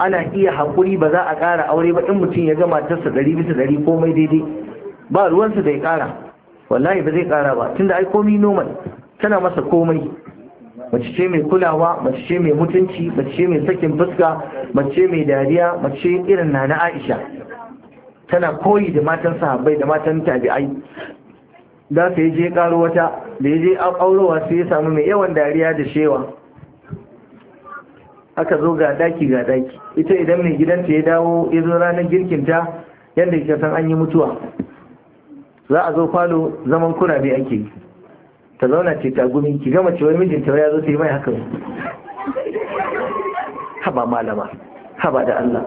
ana iya haƙuri ba za a ƙara aure ba in mutum ya ga matarsa ɗari bisa ɗari komai daidai ba ruwansa da ƙara wallahi ba zai ƙara ba tunda ai komai nomal tana masa komai mace ce mai kulawa mace ce mai mutunci mace ce mai sakin fuska mace ce mai dariya mace ce irin na na Aisha tana koyi da matan sahabbai da matan tabi'ai da sai je karo wata da ya je aurowa sai ya samu mai yawan dariya da shewa aka zo ga daki ga daki ita idan mai gidanta ya dawo ya zo ranar girkinta yadda ya san an yi mutuwa za a zo falo zaman kurabe ake yi ta zauna ce ta gumi ki gama cewar mijinta ya zo ta yi mai haka haba malama haba da Allah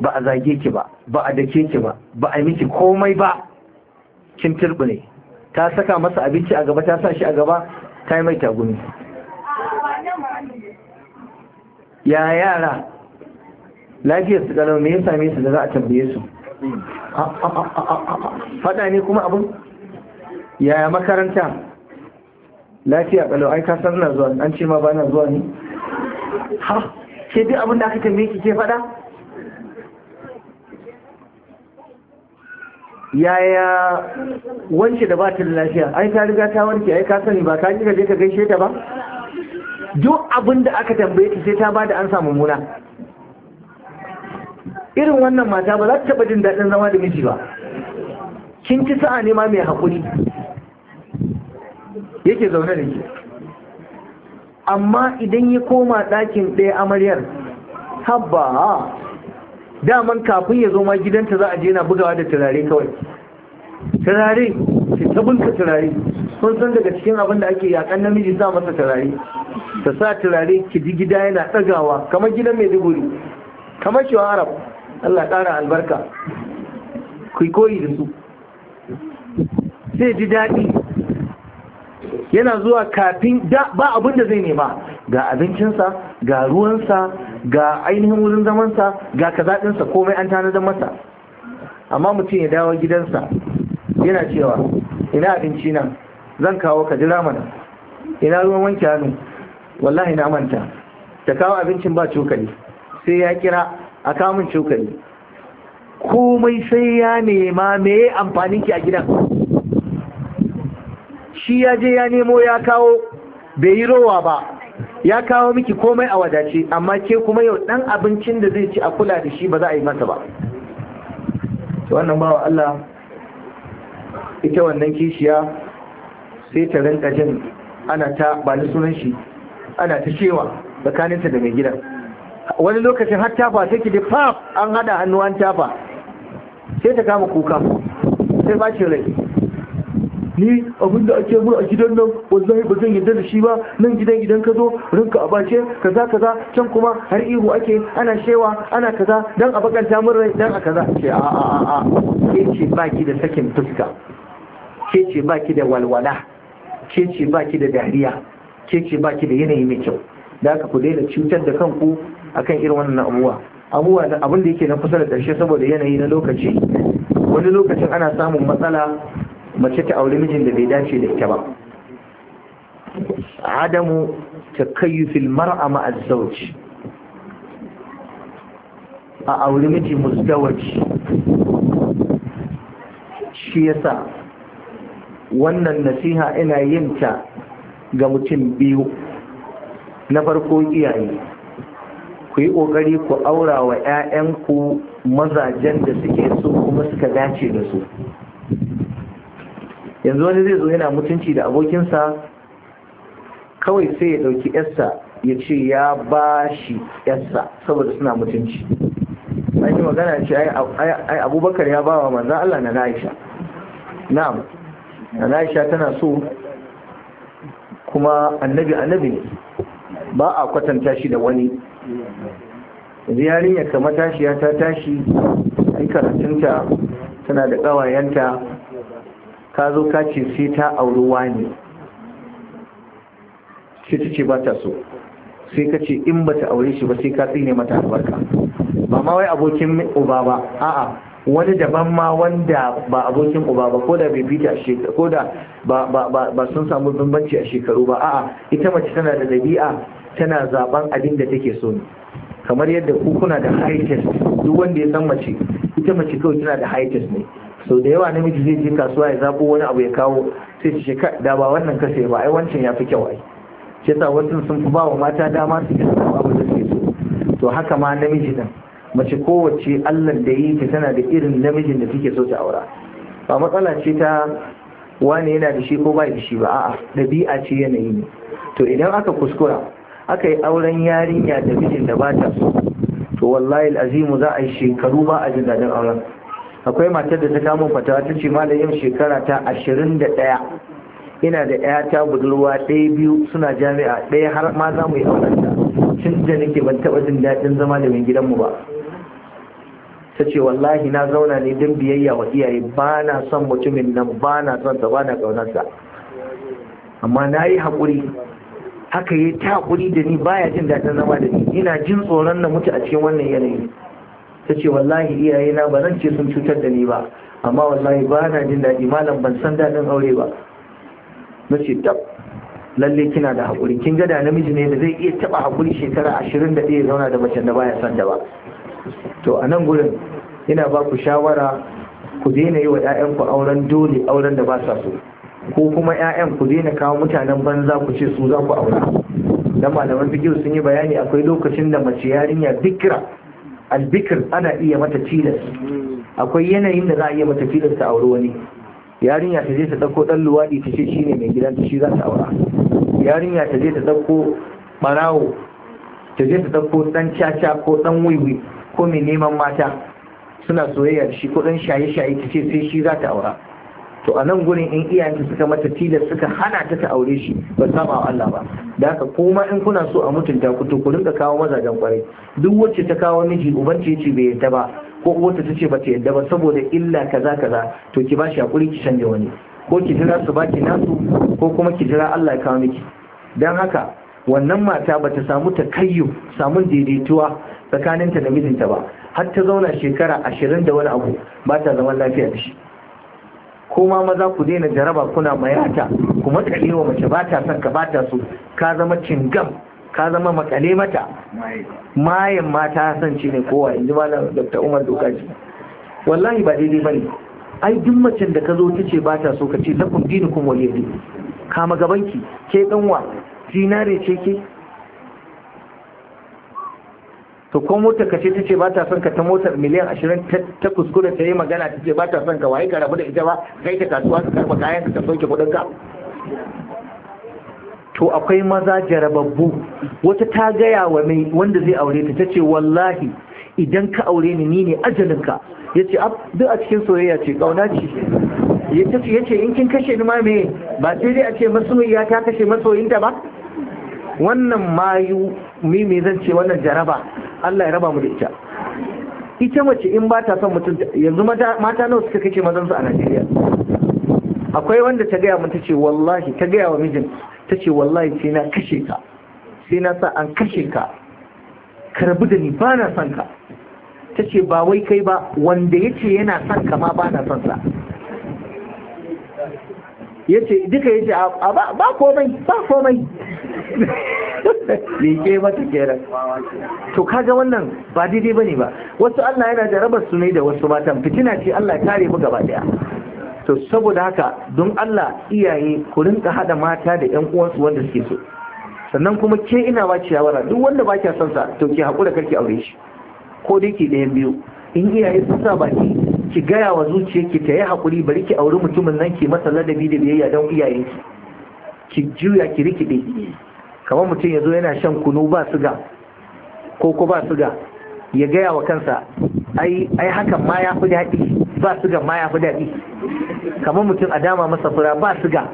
ba a zage ki ba ba a dake ki ba ba a miki komai ba kin ne. ta saka masa abinci a gaba ta sa shi a gaba ta yi mai tagumi ya yara lafiyar su galau me ya same su da za a tambaye su faɗa ne kuma abin yaya makaranta lafiya galau ai ka san na zuwa an ce ma ba na zuwa ne ha ke duk abin da aka tambaye ki ke faɗa yaya wance da ba lafiya ai ta riga ta wanke ai ka sani ba ka kika je ka gaishe ta ba duk abin da aka tambaye ta sai ta ba da an samu muna irin wannan mata ba za ta taɓa jin daɗin zama da miji ba kin ci sa'a ne ma mai haƙuri yake zaune da ke amma idan ya koma ɗakin ɗaya amaryar habba daman kafin ya zo ma gidanta za a je na bugawa da turare kawai turare ta bunka turare sun san daga cikin abin da ake yakan namiji sa masa turare ta sa turare ki ji gida yana ɗagawa kamar gidan maiduguri kamar shi allah ƙara albarka ku koyi da su Sai ji daɗi yana zuwa kafin ba abin da zai nema ga abincinsa ga ruwansa ga ainihin wurin zamansa ga kazaɗinsa komai an tanadar masa amma mutum ya dawo gidansa yana cewa ina abinci nan zan kawo ka jira mana ina ruwan wanke hannu wallahi na manta ta kawo abincin ba cokali sai ya kira a kamun cokali komai sai ya nema me amfanin ki a gidan shi ya je ya nemo ya kawo bai yi rowa ba ya kawo miki komai a wadace amma ke kuma yau dan abincin da zai ci a kula da shi ba za a yi masa ba wannan bawa Allah ita wannan kishiya sai ta rinka jin ana ta bani sunan shi ana ta cewa tsakaninsa da mai gidan wani lokacin har tafa take da faf an hada hannu an tafa sai ta kama kuka sai ba ce rai ni abin da ake mun a gidan nan wallahi ba zan yarda da shi ba nan gidan idan ka zo rinka a bace kaza kaza can kuma har ihu ake ana shewa ana kaza dan a bakanta mun rai dan a kaza ce a a a ke ce baki da sakin fuska ke ce baki da walwala ke ce baki da dariya ke ce baki da yanayi mai kyau da aka ku daina cutar da kanku akan irin wannan abubuwa abubuwa da abin da yake na kusa da ƙarshe saboda yanayi na lokaci wani lokacin ana samun matsala mace ta aure mijin da bai dace da ita ba adamu ta mar'a ma'a zawj a aure miji muzdawaji shi yasa wannan nasiha ina yin ta ga mutum biyu na farko iyaye ku yi ƙoƙari ku aura wa 'ya'yanku mazajen da suke so kuma suka dace da su yanzu wani zai zo yana mutunci da abokinsa kawai sai ya ɗauki 'yarsa ya ce ya ba shi 'yarsa saboda suna mutunci an magana ce ai abubakar ya ba wa manzan Allah na Aisha na'am na Aisha tana so kuma annabi annabi ne ba a kwatanta shi da wani yanzu kama ka matashiya ta tashi ai karatunta tana da ƙawayenta ka zo ka sai ta auri wani sai ta ce ba ta so sai ka ce in ba ta aure shi ba sai ka tsine mata albarka ba ma wai abokin uba ba a'a wani daban ma wanda ba abokin uba ba ko da bai fita a shekaru ko da ba sun samu bambanci a shekaru ba a'a ita mace tana da dabi'a tana zaben abin da take so ne kamar yadda ku kuna da high test duk wanda ya san mace ita mace kawai tana da high test ne Sau da yawa namiji zai je kasuwa ya zabo wani abu ya kawo sai ce da ba wannan kasa ba ai wancan ya fi kyau ai ke sa wasu sun fi ba wa mata dama su kasa abu da ke so to haka ma namiji nan mace kowace allah da yi ta tana da irin namijin da take so ta aura ba matsala ce ta wane yana da shi ko ba da shi ba a'a ɗabi'a ce yanayi ne to idan aka kuskura aka yi auren yarinya da mijin da ba ta so to wallahi azimu za a yi shekaru ba a jin daɗin auren akwai matar da ta kamun fatawa ta ce malayin shekara ta ashirin da ɗaya ina da ta budurwa ɗaya biyu suna jami'a ɗaya har ma za mu yi aurenta tun da nake ban taɓa jin daɗin zama da mai gidanmu ba ta ce wallahi na zauna ne don biyayya wa iyaye ba na son mutumin nan ba na son ta ba na ƙaunarsa amma na yi haƙuri haka yi ta haƙuri da ni ba ya jin daɗin zama da ni ina jin tsoron na mutu a cikin wannan yanayi ta ce wallahi iyaye na ba zan ce sun cutar da ni ba amma wallahi ba na jin daɗi malam ban san daɗin aure ba na ce tab lalle kina da haƙuri kin ga da namiji ne da zai iya taɓa haƙuri shekara ashirin da ɗaya zauna da mace da baya son da ba to a nan gurin ina ba ku shawara ku daina yi wa 'ya'yanku auren dole auren da ba sa so ko kuma 'ya'yan ku daina kawo mutanen banza ku ce su za ku aura dan malaman fikihu sun yi bayani akwai lokacin da mace yarinya bikira albikir ana iya mata tilas akwai yanayin da za a iya mata tilas ta aure wani yarinya ta je ta dauko dan luwadi ta ce shine mai gidan shi za ta aura yarinya ta je ta dauko barawo ta je ta dauko dan caca ko dan wuiwi ko mai neman mata suna soyayya da shi kudin shaye-shaye ta ce sai shi za ta aura to a nan gurin in iyayenta suka mata tilas suka hana ta ta aure shi ba saba Allah ba da haka kuma in kuna so a mutunta ku to ku rinka kawo mazajen kwarai duk wacce ta kawo miji ubanci yace bai yadda ba ko wacce ta ce ba ta yadda ba saboda illa kaza kaza to ki ba shi hakuri ki canja wani ko ki jira su baki nasu ko kuma ki jira Allah ya kawo miki dan haka wannan mata bata samu takayyu samun daidaituwa tsakaninta da mijinta ba har ta zauna shekara ashirin da wani abu ba ta zaman lafiya da shi kuma maza ku daina jaraba kuna mayata ku makale wa mace ba ta son ka ba ta so ka zama cingam ka zama makale mata mayan mata san ce ne kowa in ji da dr umar dokaji wallahi ba daidai bane ai duk macen da ka zo ta ce ba ta so ka ce lakum dinukum waliyadi kama gabanki ke danwa zinare ce ke to ko motar ka ce ta ce ba ta son ka ta motar miliyan ashirin ta kuskure ta yi magana ta ce ba ta son ka waye ka rabu da ita ba kai ta kasuwa ka karba kayan ka sauke kudin ka to akwai maza jarababbu wata ta gaya wa mai wanda zai aure ta ta ce wallahi idan ka aure ni ni ne ka ya ce duk a cikin soyayya ce kauna ce ya ce in kin kashe ni ma me ba sai dai a ce masoyiya ta kashe masoyinta ba wannan mayu mimi zan ce wannan jaraba Allah ya raba mu da ita ita mace in ba ta son mutum yanzu mata nawa suka kace su a Najeriya akwai wanda ta gaya mata ce wallahi ta gaya wa mijin ta ce wallahi sai na kashe ka sai na sa an kashe ka ka rabu da ni ba na son ka ta ce ba wai kai ba wanda ya ce yana son ka ma ba na son sa yace duka yace a ba komai ba komai leke *laughs* mata kera to kaga wannan ba daidai bane ba wasu Allah yana jarabar su ne da wasu matan fitina ce Allah kare mu gaba daya to saboda haka don Allah iyaye ku rinka hada mata da ƴan uwansu wanda suke so sannan kuma ke ina ba wara duk wanda ba kya son sa to ki hakura karki aure shi ko dai ki ɗayan biyu in iyaye sun sa baki ki gaya wa ki ta yi haƙuri bari ki auri mutumin nan ki masa ladabi da biyayya don iyayenki ki juya ki rikide kamar mutum ya zo yana shan kunu ba suga ko ko ba suga ya gaya wa kansa ai ai hakan ma ya fi daɗi ba suga ma ya fi daɗi kamar mutum a dama masa fura ba suga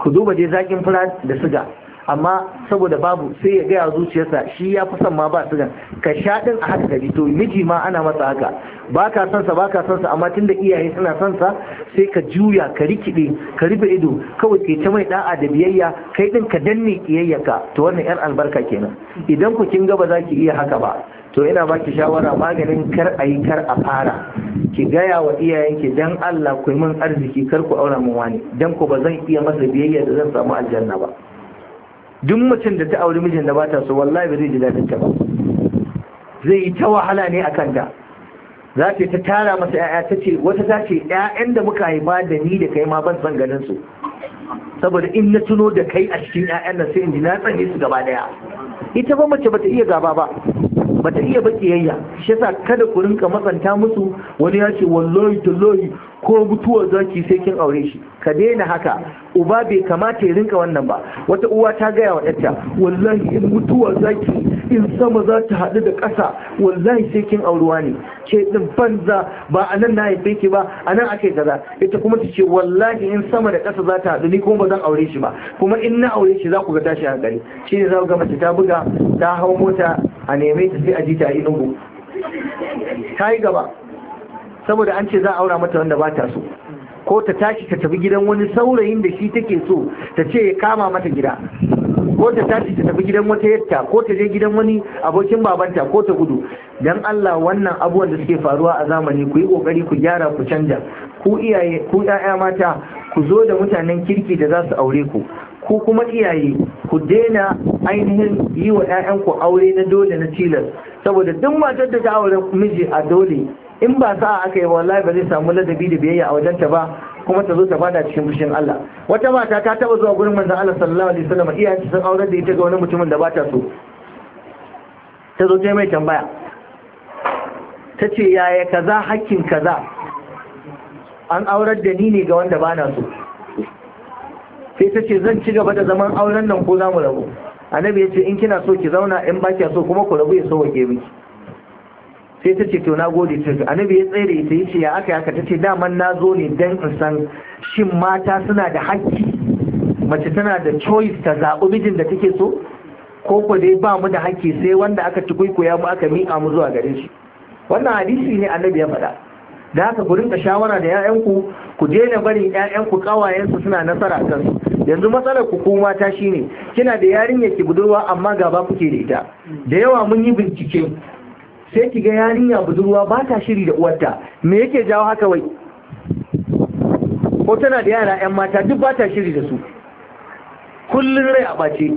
ku duba dai zaƙin fura da suga amma saboda babu sai ya gaya zuciyarsa shi ya fi son ma ba sigan ka sha din a haka gari to miji ma ana masa haka ba ka son sa ba ka son sa amma tunda iyaye suna son sai ka juya ka rikide ka rufe ido kawai kai ta mai da'a da biyayya kai din ka danne ka to wannan 'yan albarka kenan idan ku kin ga ba za ki iya haka ba to ina ki shawara maganin kar a yi kar a fara ki gaya wa iyayenki dan Allah ku yi min arziki kar ku aura min wani dan ku ba zan iya masa biyayya da zan samu aljanna ba duk mutum da ta auri mijin da ba ta so wallahi ba zai ji daɗin ta ba zai yi ta wahala ne akan ta za ta ta tara masa 'ya'ya ta ce wata ta ce ƴaƴan da muka haifa da ni da kai ma ban san ganin su saboda in na tuno da kai a cikin ƴaƴan nan sai in ji na tsane su gaba daya ita ba mace bata iya gaba ba bata iya bakiyayya shi yasa kada ku rinka matsanta musu wani ya ce wallahi tallahi ko mutuwar zaki sai kin aure shi ka daina haka uba bai kamata ya rinka wannan ba wata uwa ta gaya wa ɗanta wallahi in mutuwa zaki in sama za ta haɗu da ƙasa wallahi sai kin auruwa ne ke ɗin banza ba a nan na haife ki ba a nan aka yi kaza ita kuma ta ce wallahi in sama da ƙasa za ta haɗu ni kuma ba zan aure shi ba kuma in na aure shi za ku ga tashi hankali shi ne za ku ga mace ta buga ta hau mota a neme ta sai a ji ta a nugu ta yi gaba saboda an ce za a aura mata wanda ba ta so ko ta tashi ta tafi gidan wani saurayin da shi take so ta ce ya kama mata gida ko ta tashi ta tafi gidan wata yatta ko ta je gidan wani abokin babanta ko ta gudu dan Allah wannan abubuwan da suke faruwa a zamani ku yi kokari ku gyara ku canja ku iyaye ku ƴaƴa mata ku zo da mutanen kirki da za su aure ku ku kuma iyaye ku daina ainihin yi wa 'ya'yanku aure na dole na tilas saboda duk matar da ta aure miji a dole in ba sa'a aka yi wallahi ba zai samu ladabi da biyayya a wajenta ba kuma ta zo ta fada cikin fushin Allah wata mata ta taba zuwa gurin manzon Allah sallallahu alaihi wasallam iyayen sun aure da ita ga wani mutumin da bata so ta zo ta mai tambaya ta ce yaya kaza hakkin kaza an aurar da ni ne ga wanda bana so sai ta ce zan ci gaba da zaman auren nan ko za mu rabu annabi ya ce in kina so ki zauna in ba ki so kuma ku rabu ya so wake miki sai ta ce to na gode ta annabi ya tsere ta yace ya aka aka tace daman na zo ne dan in san shin mata suna da haƙƙi mace tana da choice ta zaɓi mijin da take so ko ko dai ba mu da haƙƙi sai wanda aka ci kuikuya mu aka miƙa mu zuwa gare shi wannan hadisi ne annabi ya faɗa da haka ku rinka shawara da 'ya'yanku ku daina barin 'ya'yanku ƙawayensu suna nasara su. yanzu matsalar ku kuma ta shine kina da yarinya ki budurwa amma gaba kuke da ita da yawa mun yi bincike sai ki ga yarinya budurwa ba ta shiri da uwarta me yake jawo haka wai ko tana da yara 'yan mata duk ba ta shiri da su kullum rai a ɓace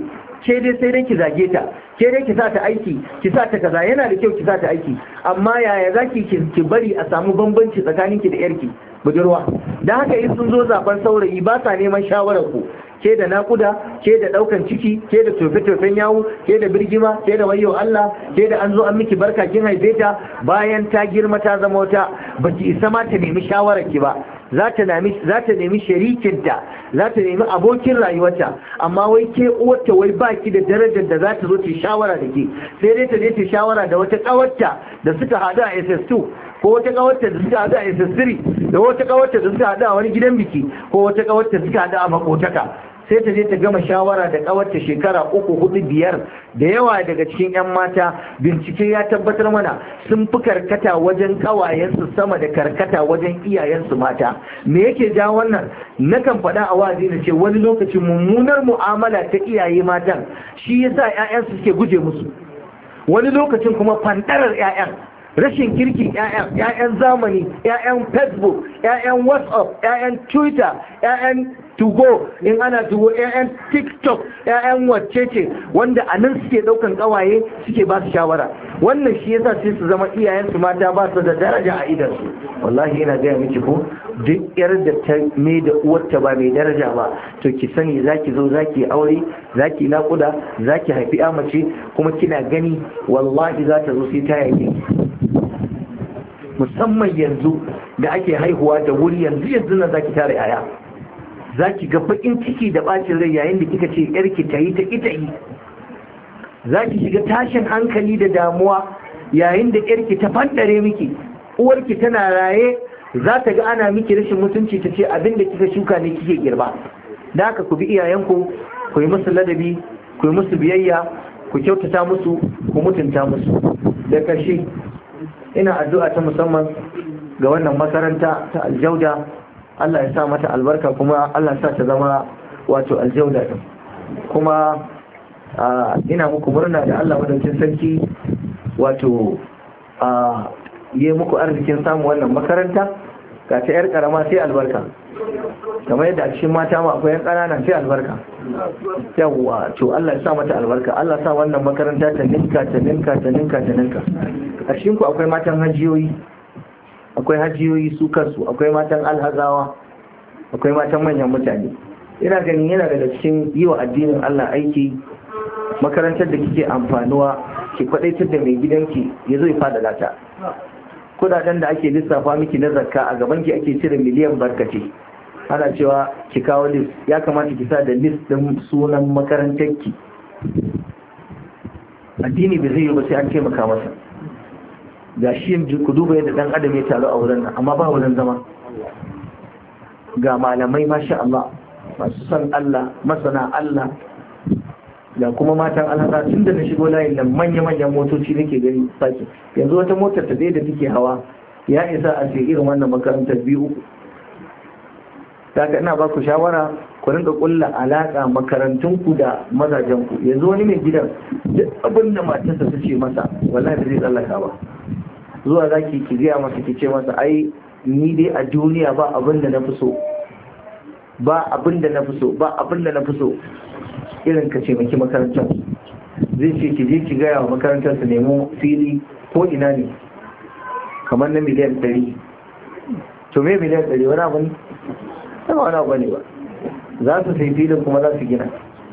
ke dai sai dai ki zage ta ke dai ki sa ta aiki ki sa ta kaza yana da kyau ki sa ta aiki amma yaya zaki ki bari a samu bambanci tsakaninki da yarki budurwa dan haka in sun zo zaben saurayi ba sa neman shawarar ku ke da nakuda ke da daukan ciki ke da tofe-tofen yawo ke da birgima ke da wayo Allah ke da an zo an miki barka kin haife ta bayan ta girma ta zama wata baki isa ma ta nemi shawarar ki ba za ta nemi za ta nemi za ta nemi abokin rayuwarta amma wai ke uwarta wai baki da darajar da za ta zo ta shawara da ke sai dai ta je ta shawara da wata kawarta da suka hadu a SS2 ko wata kawarta da suka hada a S3, da wata kawarta da suka hada a wani gidan biki ko wata kawarta da suka hada a makotaka sai ta je ta gama shawara da kawarta shekara uku hudu biyar da yawa daga cikin 'yan mata bincike ya tabbatar mana sun fi karkata wajen kawayensu sama da karkata wajen iyayensu mata me yake ja wannan Na kan faɗa a wazi na ce wani lokacin mummunar mu'amala ta iyaye matan shi yasa 'ya'yansu suke guje musu wani lokacin kuma fanɗarar 'ya'yan rashin kirkin 'ya'yan zamani 'ya'yan facebook 'ya'yan whatsapp 'ya'yan twitter 'ya'yan tugo in ana tugo 'ya'yan tiktok 'ya'yan wacece wanda a nan suke ɗaukan ƙawaye suke ba su shawara wannan shi yasa sai su zama iyayen su mata ba su da daraja a su. wallahi ina gaya miki ko duk yar da ta me da uwarta ba mai daraja ba to ki sani zaki zo zaki aure zaki nakuda zaki haifi amace kuma kina gani wallahi za ta zo sai ta yake musamman yanzu da ake haihuwa da wuri yanzu yanzu na zaki tare yaya zaki ga bakin ciki da ɓacin rai yayin da kika ce yarki ta yi ta ita yi zaki shiga tashin hankali da damuwa yayin da yarki ta fandare miki uwarki tana raye za ta ga ana miki rashin mutunci ta ce abin da kika shuka ne kike girba da haka ku bi iyayenku ku yi musu ladabi ku yi musu biyayya ku kyautata musu ku mutunta musu da ƙarshe ina addu'a ta musamman ga wannan makaranta ta aljauda Allah ya sa mata albarka kuma Allah ya sa ta zama wato aljauda din kuma ina muku murna da Allah madaukin sarki wato yi muku arzikin samun wannan makaranta ga ta yar karama sai albarka kamar yadda a cikin mata ma akwai yan ƙananan sai albarka yawwa to Allah ya sa mata albarka Allah ya sa wannan makaranta ta ninka ta ninka ta ninka ta ninka a cikin ku akwai matan hajiyoyi akwai hajiyoyi su kansu akwai matan alhazawa akwai matan manyan mutane ina ganin yana daga cikin yi wa addinin Allah aiki makarantar da kike amfanuwa ki kwadaitar da mai gidanki ya zo ya fada lata kudaden da ake lissafa miki na zakka a gaban ki ake cire miliyan barkace ana cewa ki kawo list ya kamata ki sa da list din sunan makarantar ki addini bai zai yi ba sai an taimaka masa ga shi ku duba yadda dan adam ya taru a wurin nan amma ba wurin zama ga malamai masha Allah masu san Allah masana Allah da kuma matan alhasa tun da na shigo layin nan manya-manyan motoci nake gani saki yanzu wata motar ta da take hawa ya isa a ce irin wannan makarantar biyu daga ina ba ku shawara ku rinka kulla alaka makarantunku da mazajenku yanzu wani mai gidan duk abin da matarsa ta ce masa wallahi zai tsallaka ba zuwa zaki ki gaya masa ki ce masa ai ni dai a duniya ba abin da na fi so ba abin da na fi so ba abin da na fi so irin ka taimaki makarantar zai ce ki je ki gaya wa makarantar su nemo fili ko ina ne kamar na miliyan ɗari to me miliyan ɗari wani abu ne ba wani abu ne ba za su sai filin kuma za su gina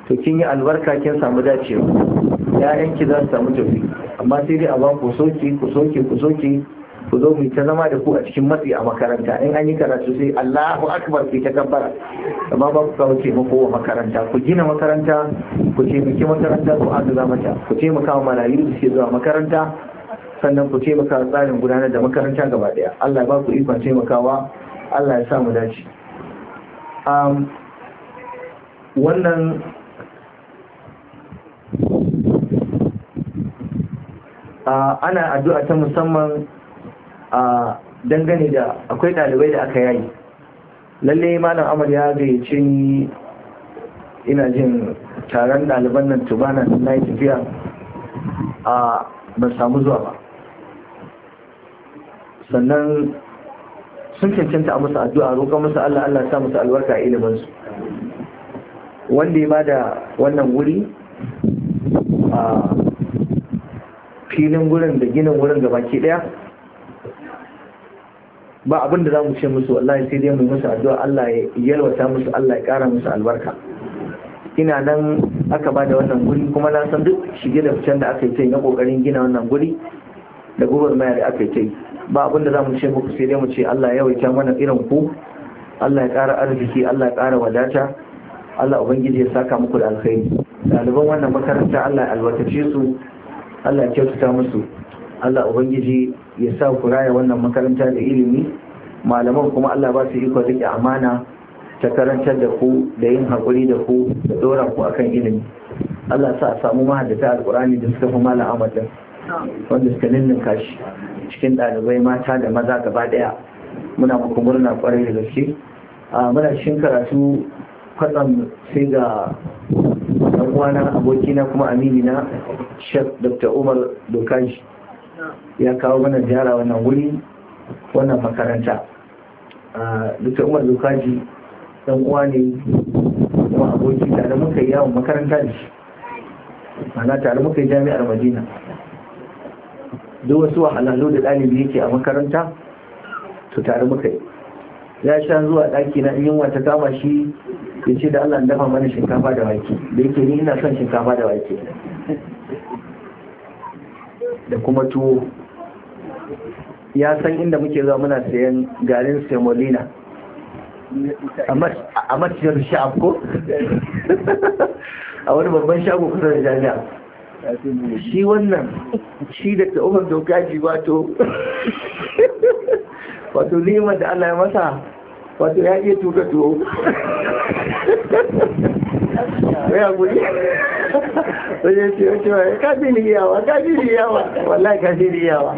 to kin yi albarka kin samu dacewa ya'yanki za su samu tafi amma sai dai a ba ku soke ku soke ku soke ku zo mu ta zama da ku a cikin matsi a makaranta in an yi karatu sai Allahu akbar ki ta gabbara amma ba ku kawo taimako wa makaranta ku gina makaranta ku taimaki makaranta ku zama mata ku taimaka wa marayu da ke zuwa makaranta sannan ku taimaka tsarin gudanar da makaranta gaba daya Allah ba ku ikon makawa, Allah ya sa mu dace um, wannan ah, ana addu'a ta musamman a dangane da akwai ɗalibai da aka yayi lalle malam amal ya gayyace ni ina jin taron ɗaliban nan tubana na yi tafiya a ban samu zuwa ba sannan sun cancanta a musu addu'a roƙon musu Allah Allah sa musu albarka a iliminsu wanda ya ba da wannan wuri a filin wurin da ginin wurin gabaki ɗaya ba abin da za mu ce musu wallahi sai dai mu musu addu'a Allah ya yalwata musu Allah ya ƙara musu albarka ina nan aka ba da wannan guri kuma na san duk shige da fitan da aka yi ta na ƙoƙarin gina wannan guri da mai da aka yi ta ba abin da za mu ce muku sai dai mu ce Allah ya yawaita mana irin ku Allah ya ƙara arziki Allah ya ƙara wadata Allah Ubangiji ya saka muku da alkhairi Daliban wannan makaranta Allah ya albarkace su Allah ya kyautata musu Allah Ubangiji ya sa ku raya wannan makaranta da ilimi malaman kuma Allah ba su iko rike amana ta karantar da ku da yin haƙuri da ku da ɗora ku akan ilimi Allah sa a samu mahaddata alƙur'ani da suka fi malam amadin wanda suka ninninka shi cikin ɗalibai mata da maza gaba ɗaya muna muku murna kwarai da gaske a muna cikin karatu kwatsam sai ga ɗan uwana abokina kuma amini na shek dr umar dokaji ya kawo mana ziyara wannan wuri wannan makaranta dr umar dokaji dan uwa ne kuma aboki tare muka yi yawon makaranta da shi mana tare muka yi jami'ar madina duk wasu wahalalu da ɗalibi yake a makaranta to tare muka yi ya sha zuwa ɗaki na yunwa ta kama shi ya ce da allah dafa mana shinkafa da wake da yake ni ina son shinkafa da wake da kuma tuwo ya san inda muke zuwa muna sayan garin semolina a matiyar sha'ab ko *laughs* a wani babban shago kusa da jami'a shi wannan shi da ta'ubar ji wato *laughs* wato neman da allah ya masa wato ya iya tuka tuwo *laughs* ya guri sai ya ce wace waye kafiri yawa kafiri yawa wallahi kafiri yawa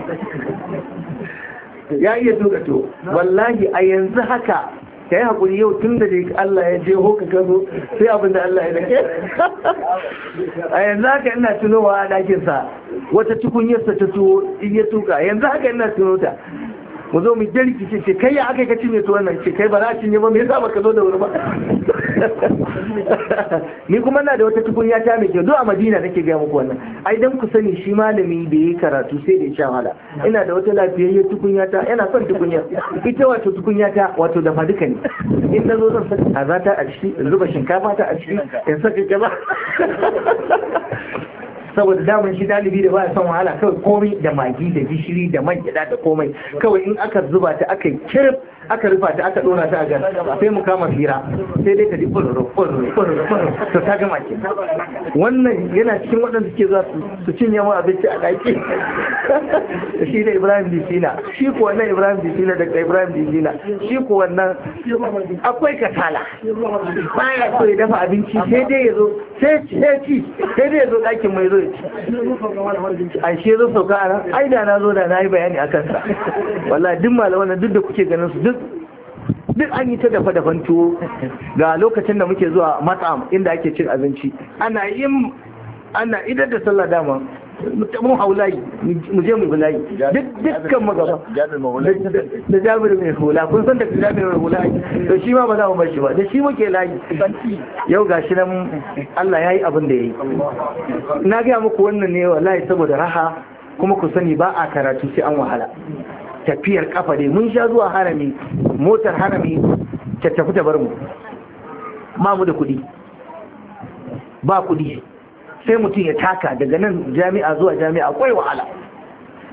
ya iya tuka to wallahi a yanzu haka ka yi haƙuri yau tun da Allah ya je hoka ka zo sai abin da Allah ya dake a yanzu haka ina tunowa a ɗakinsa wata tukunyarsa ta tuwo in ya tuka yanzu haka ina tunota mu zo mu jirki ce kai ya aka yi ka cinye tuwon nan ce kai ba za a cinye ba me yasa ba ka zo da wuri ba *laughs* ni kuma na da wata tukunya ta mai kyau duk a madina nake gaya muku wannan ai dan ku sani shi malami da ya karatu sai da sha wahala ina da wata lafiyayyar tukunya ta yana son tukunya ita wato tukunya ta wato da duka ne in na zo zan saka kaza ta a ciki in zuba shinkafa ta a ciki in saka kaza *laughs* saboda daman shi dalibi da baya son wahala kawai komai da magi da gishiri da man gida da komai kawai in aka zuba ta aka kirif aka rufa ta aka dora ta a gan sai mu kama fira sai dai ta di kururu kururu to ta gama ke wannan yana cikin waɗanda suke za su cinye mu abinci a ɗaki *laughs* shi da Ibrahim Disina shi ko wannan Ibrahim Disina da Ibrahim Disina shi ko wannan akwai kasala baya so ya dafa abinci sai dai ya zo sai sai ci sai dai ya zo ɗakin mai zo a shi zo sauka a nan ai da na zo da na yi bayani a kansa wala duk malaman nan duk da kuke ganin su duk duk an yi ta dafa dafan tuwo ga lokacin da muke zuwa matsam inda ake cin abinci ana yin ana idar da sallah dama mun haulayi mu je mu hulayi dukkan magaba da jami'ar mai hula kun san da mai hula shi ma ba za mu bar shi ba da shi muke layi yau gashi nan Allah yi abin da ya yi. na gaya muku wannan ne wallahi saboda raha kuma ku sani ba a karatu sai an wahala tafiyar kafa ne mun sha zuwa harami motar harami ta tafi ta bar mu ba mu da kuɗi ba kuɗi sai mutum ya taka daga nan jami'a zuwa jami'a akwai wahala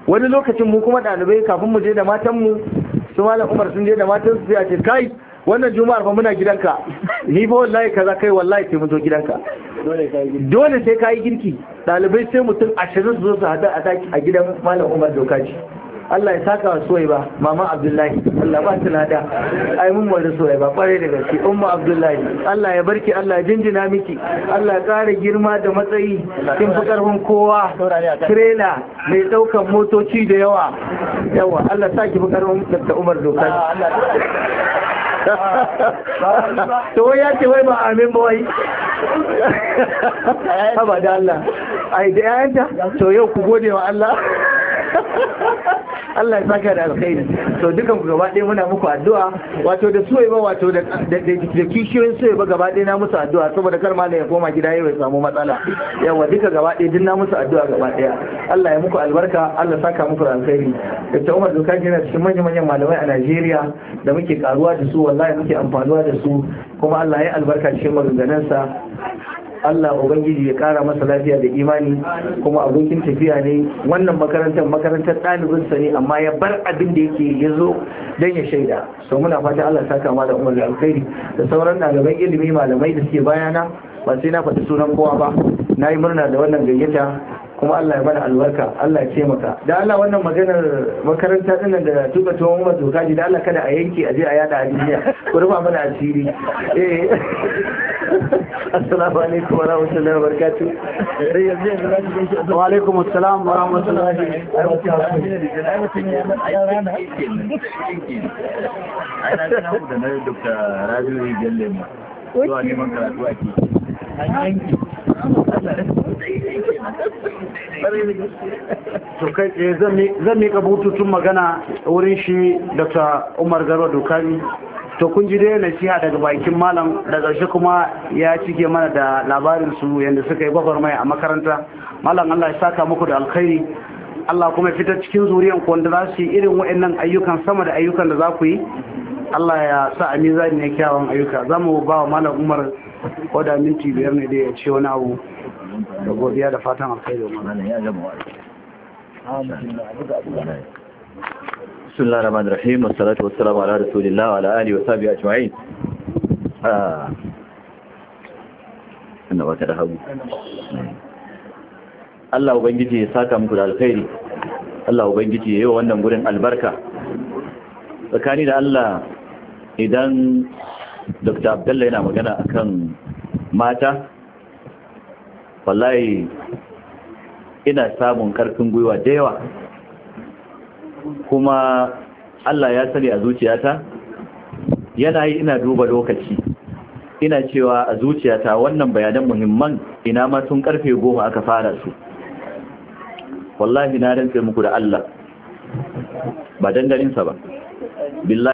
wani lokacin mu kuma ɗalibai kafin mu je da matan mu su malam umar sun je da matan su a ce kai wannan juma'ar fa muna gidanka *laughs* ni fa wallahi kaza kai wallahi sai mun zo gidanka dole sai kayi girki ɗalibai sai mutum ashirin su zo su hada a gidan malam umar dokaci Allah ya saka wa Suwaiba mama Abdullahi Allah ba ta lada ai mun wani suwai Suwaiba kwarai da gaske umma Abdullahi Allah ya barki Allah jinjina miki Allah ya ƙara girma da matsayi kin fi karfin kowa trailer mai daukan motoci da yawa yawa Allah sa ki fi karfin Dr. Umar Dokar to ya ce wai ba amin ba wai haba da Allah ai da yayanta to yau ku gode wa Allah *laughs* Allah ya saka da alkhairi to dukan ku gaba ɗaya muna muku addu'a wato da suwaye ba wato da kishiyoyin suwaye ba gaba ɗaya na musu addu'a saboda kar malam ya koma gida yau ya samu matsala yawa duka gaba ɗaya duk na musu addu'a gaba ɗaya Allah ya muku albarka Allah saka muku alkhairi ta Umar Dokaji yana cikin manya-manyan malamai a Najeriya da muke karuwa da su wallahi muke amfanuwa da su kuma Allah ya albarka cikin maganganunsa Allah ubangiji ya kara masa lafiya da imani kuma abokin tafiya ne wannan makarantar makarantar ɗalibinsa ne amma ya bar abin da yake ya zo don ya shaida so muna fata Allah saka kama da umar da alkhairi da sauran ɗaliban ilimi malamai da suke bayana ba sai na faɗi sunan kowa ba na yi murna da wannan gayyata kuma Allah ya bada albarka Allah ya taimaka da Allah wannan maganar makaranta din da tuka tuwon mazuka da Allah kada a yanke a je a yada a duniya ku rufa mana asiri eh. assalamu alaikum wa rahmatullahi wa barakatuh wa alaikum assalam wa rahmatullahi wa barakatuh zan miƙa bututun magana wurin shi dr umar garba dokari to kun ji dai nasiha daga bakin malam da ƙarshe kuma ya cike mana da labarin su yadda suka yi gwagwarmaya a makaranta malam Allah ya saka muku da alkhairi Allah kuma fitar cikin zuriyan ku wanda za su yi irin waɗannan ayyukan sama da ayyukan da za ku yi Allah ya sa a mizani ne kyawun ayyuka za mu ba wa malam Umar ko da minti biyar ne da ya ce wani abu da godiya da fatan alkhairi wa malam ya gama wa bismillah rahman rahim wassalatu wassalamu ala rasulillah wa ala alihi wa sahbihi ajma'in ah ina wata da hagu Allah ya saka muku da alkhairi Allah ubangiji ya yi wa wannan gurin albarka tsakani da Allah idan Dr. Abdullahi yana magana akan mata wallahi ina samun karfin gwiwa da yawa kuma Allah ya sani a zuciyata yana yi ina duba lokaci ina cewa a zuciyata wannan bayanan muhimman ina ma sun karfe goma aka fara su wallahi na rantse muku da Allah ba dangarinsa ba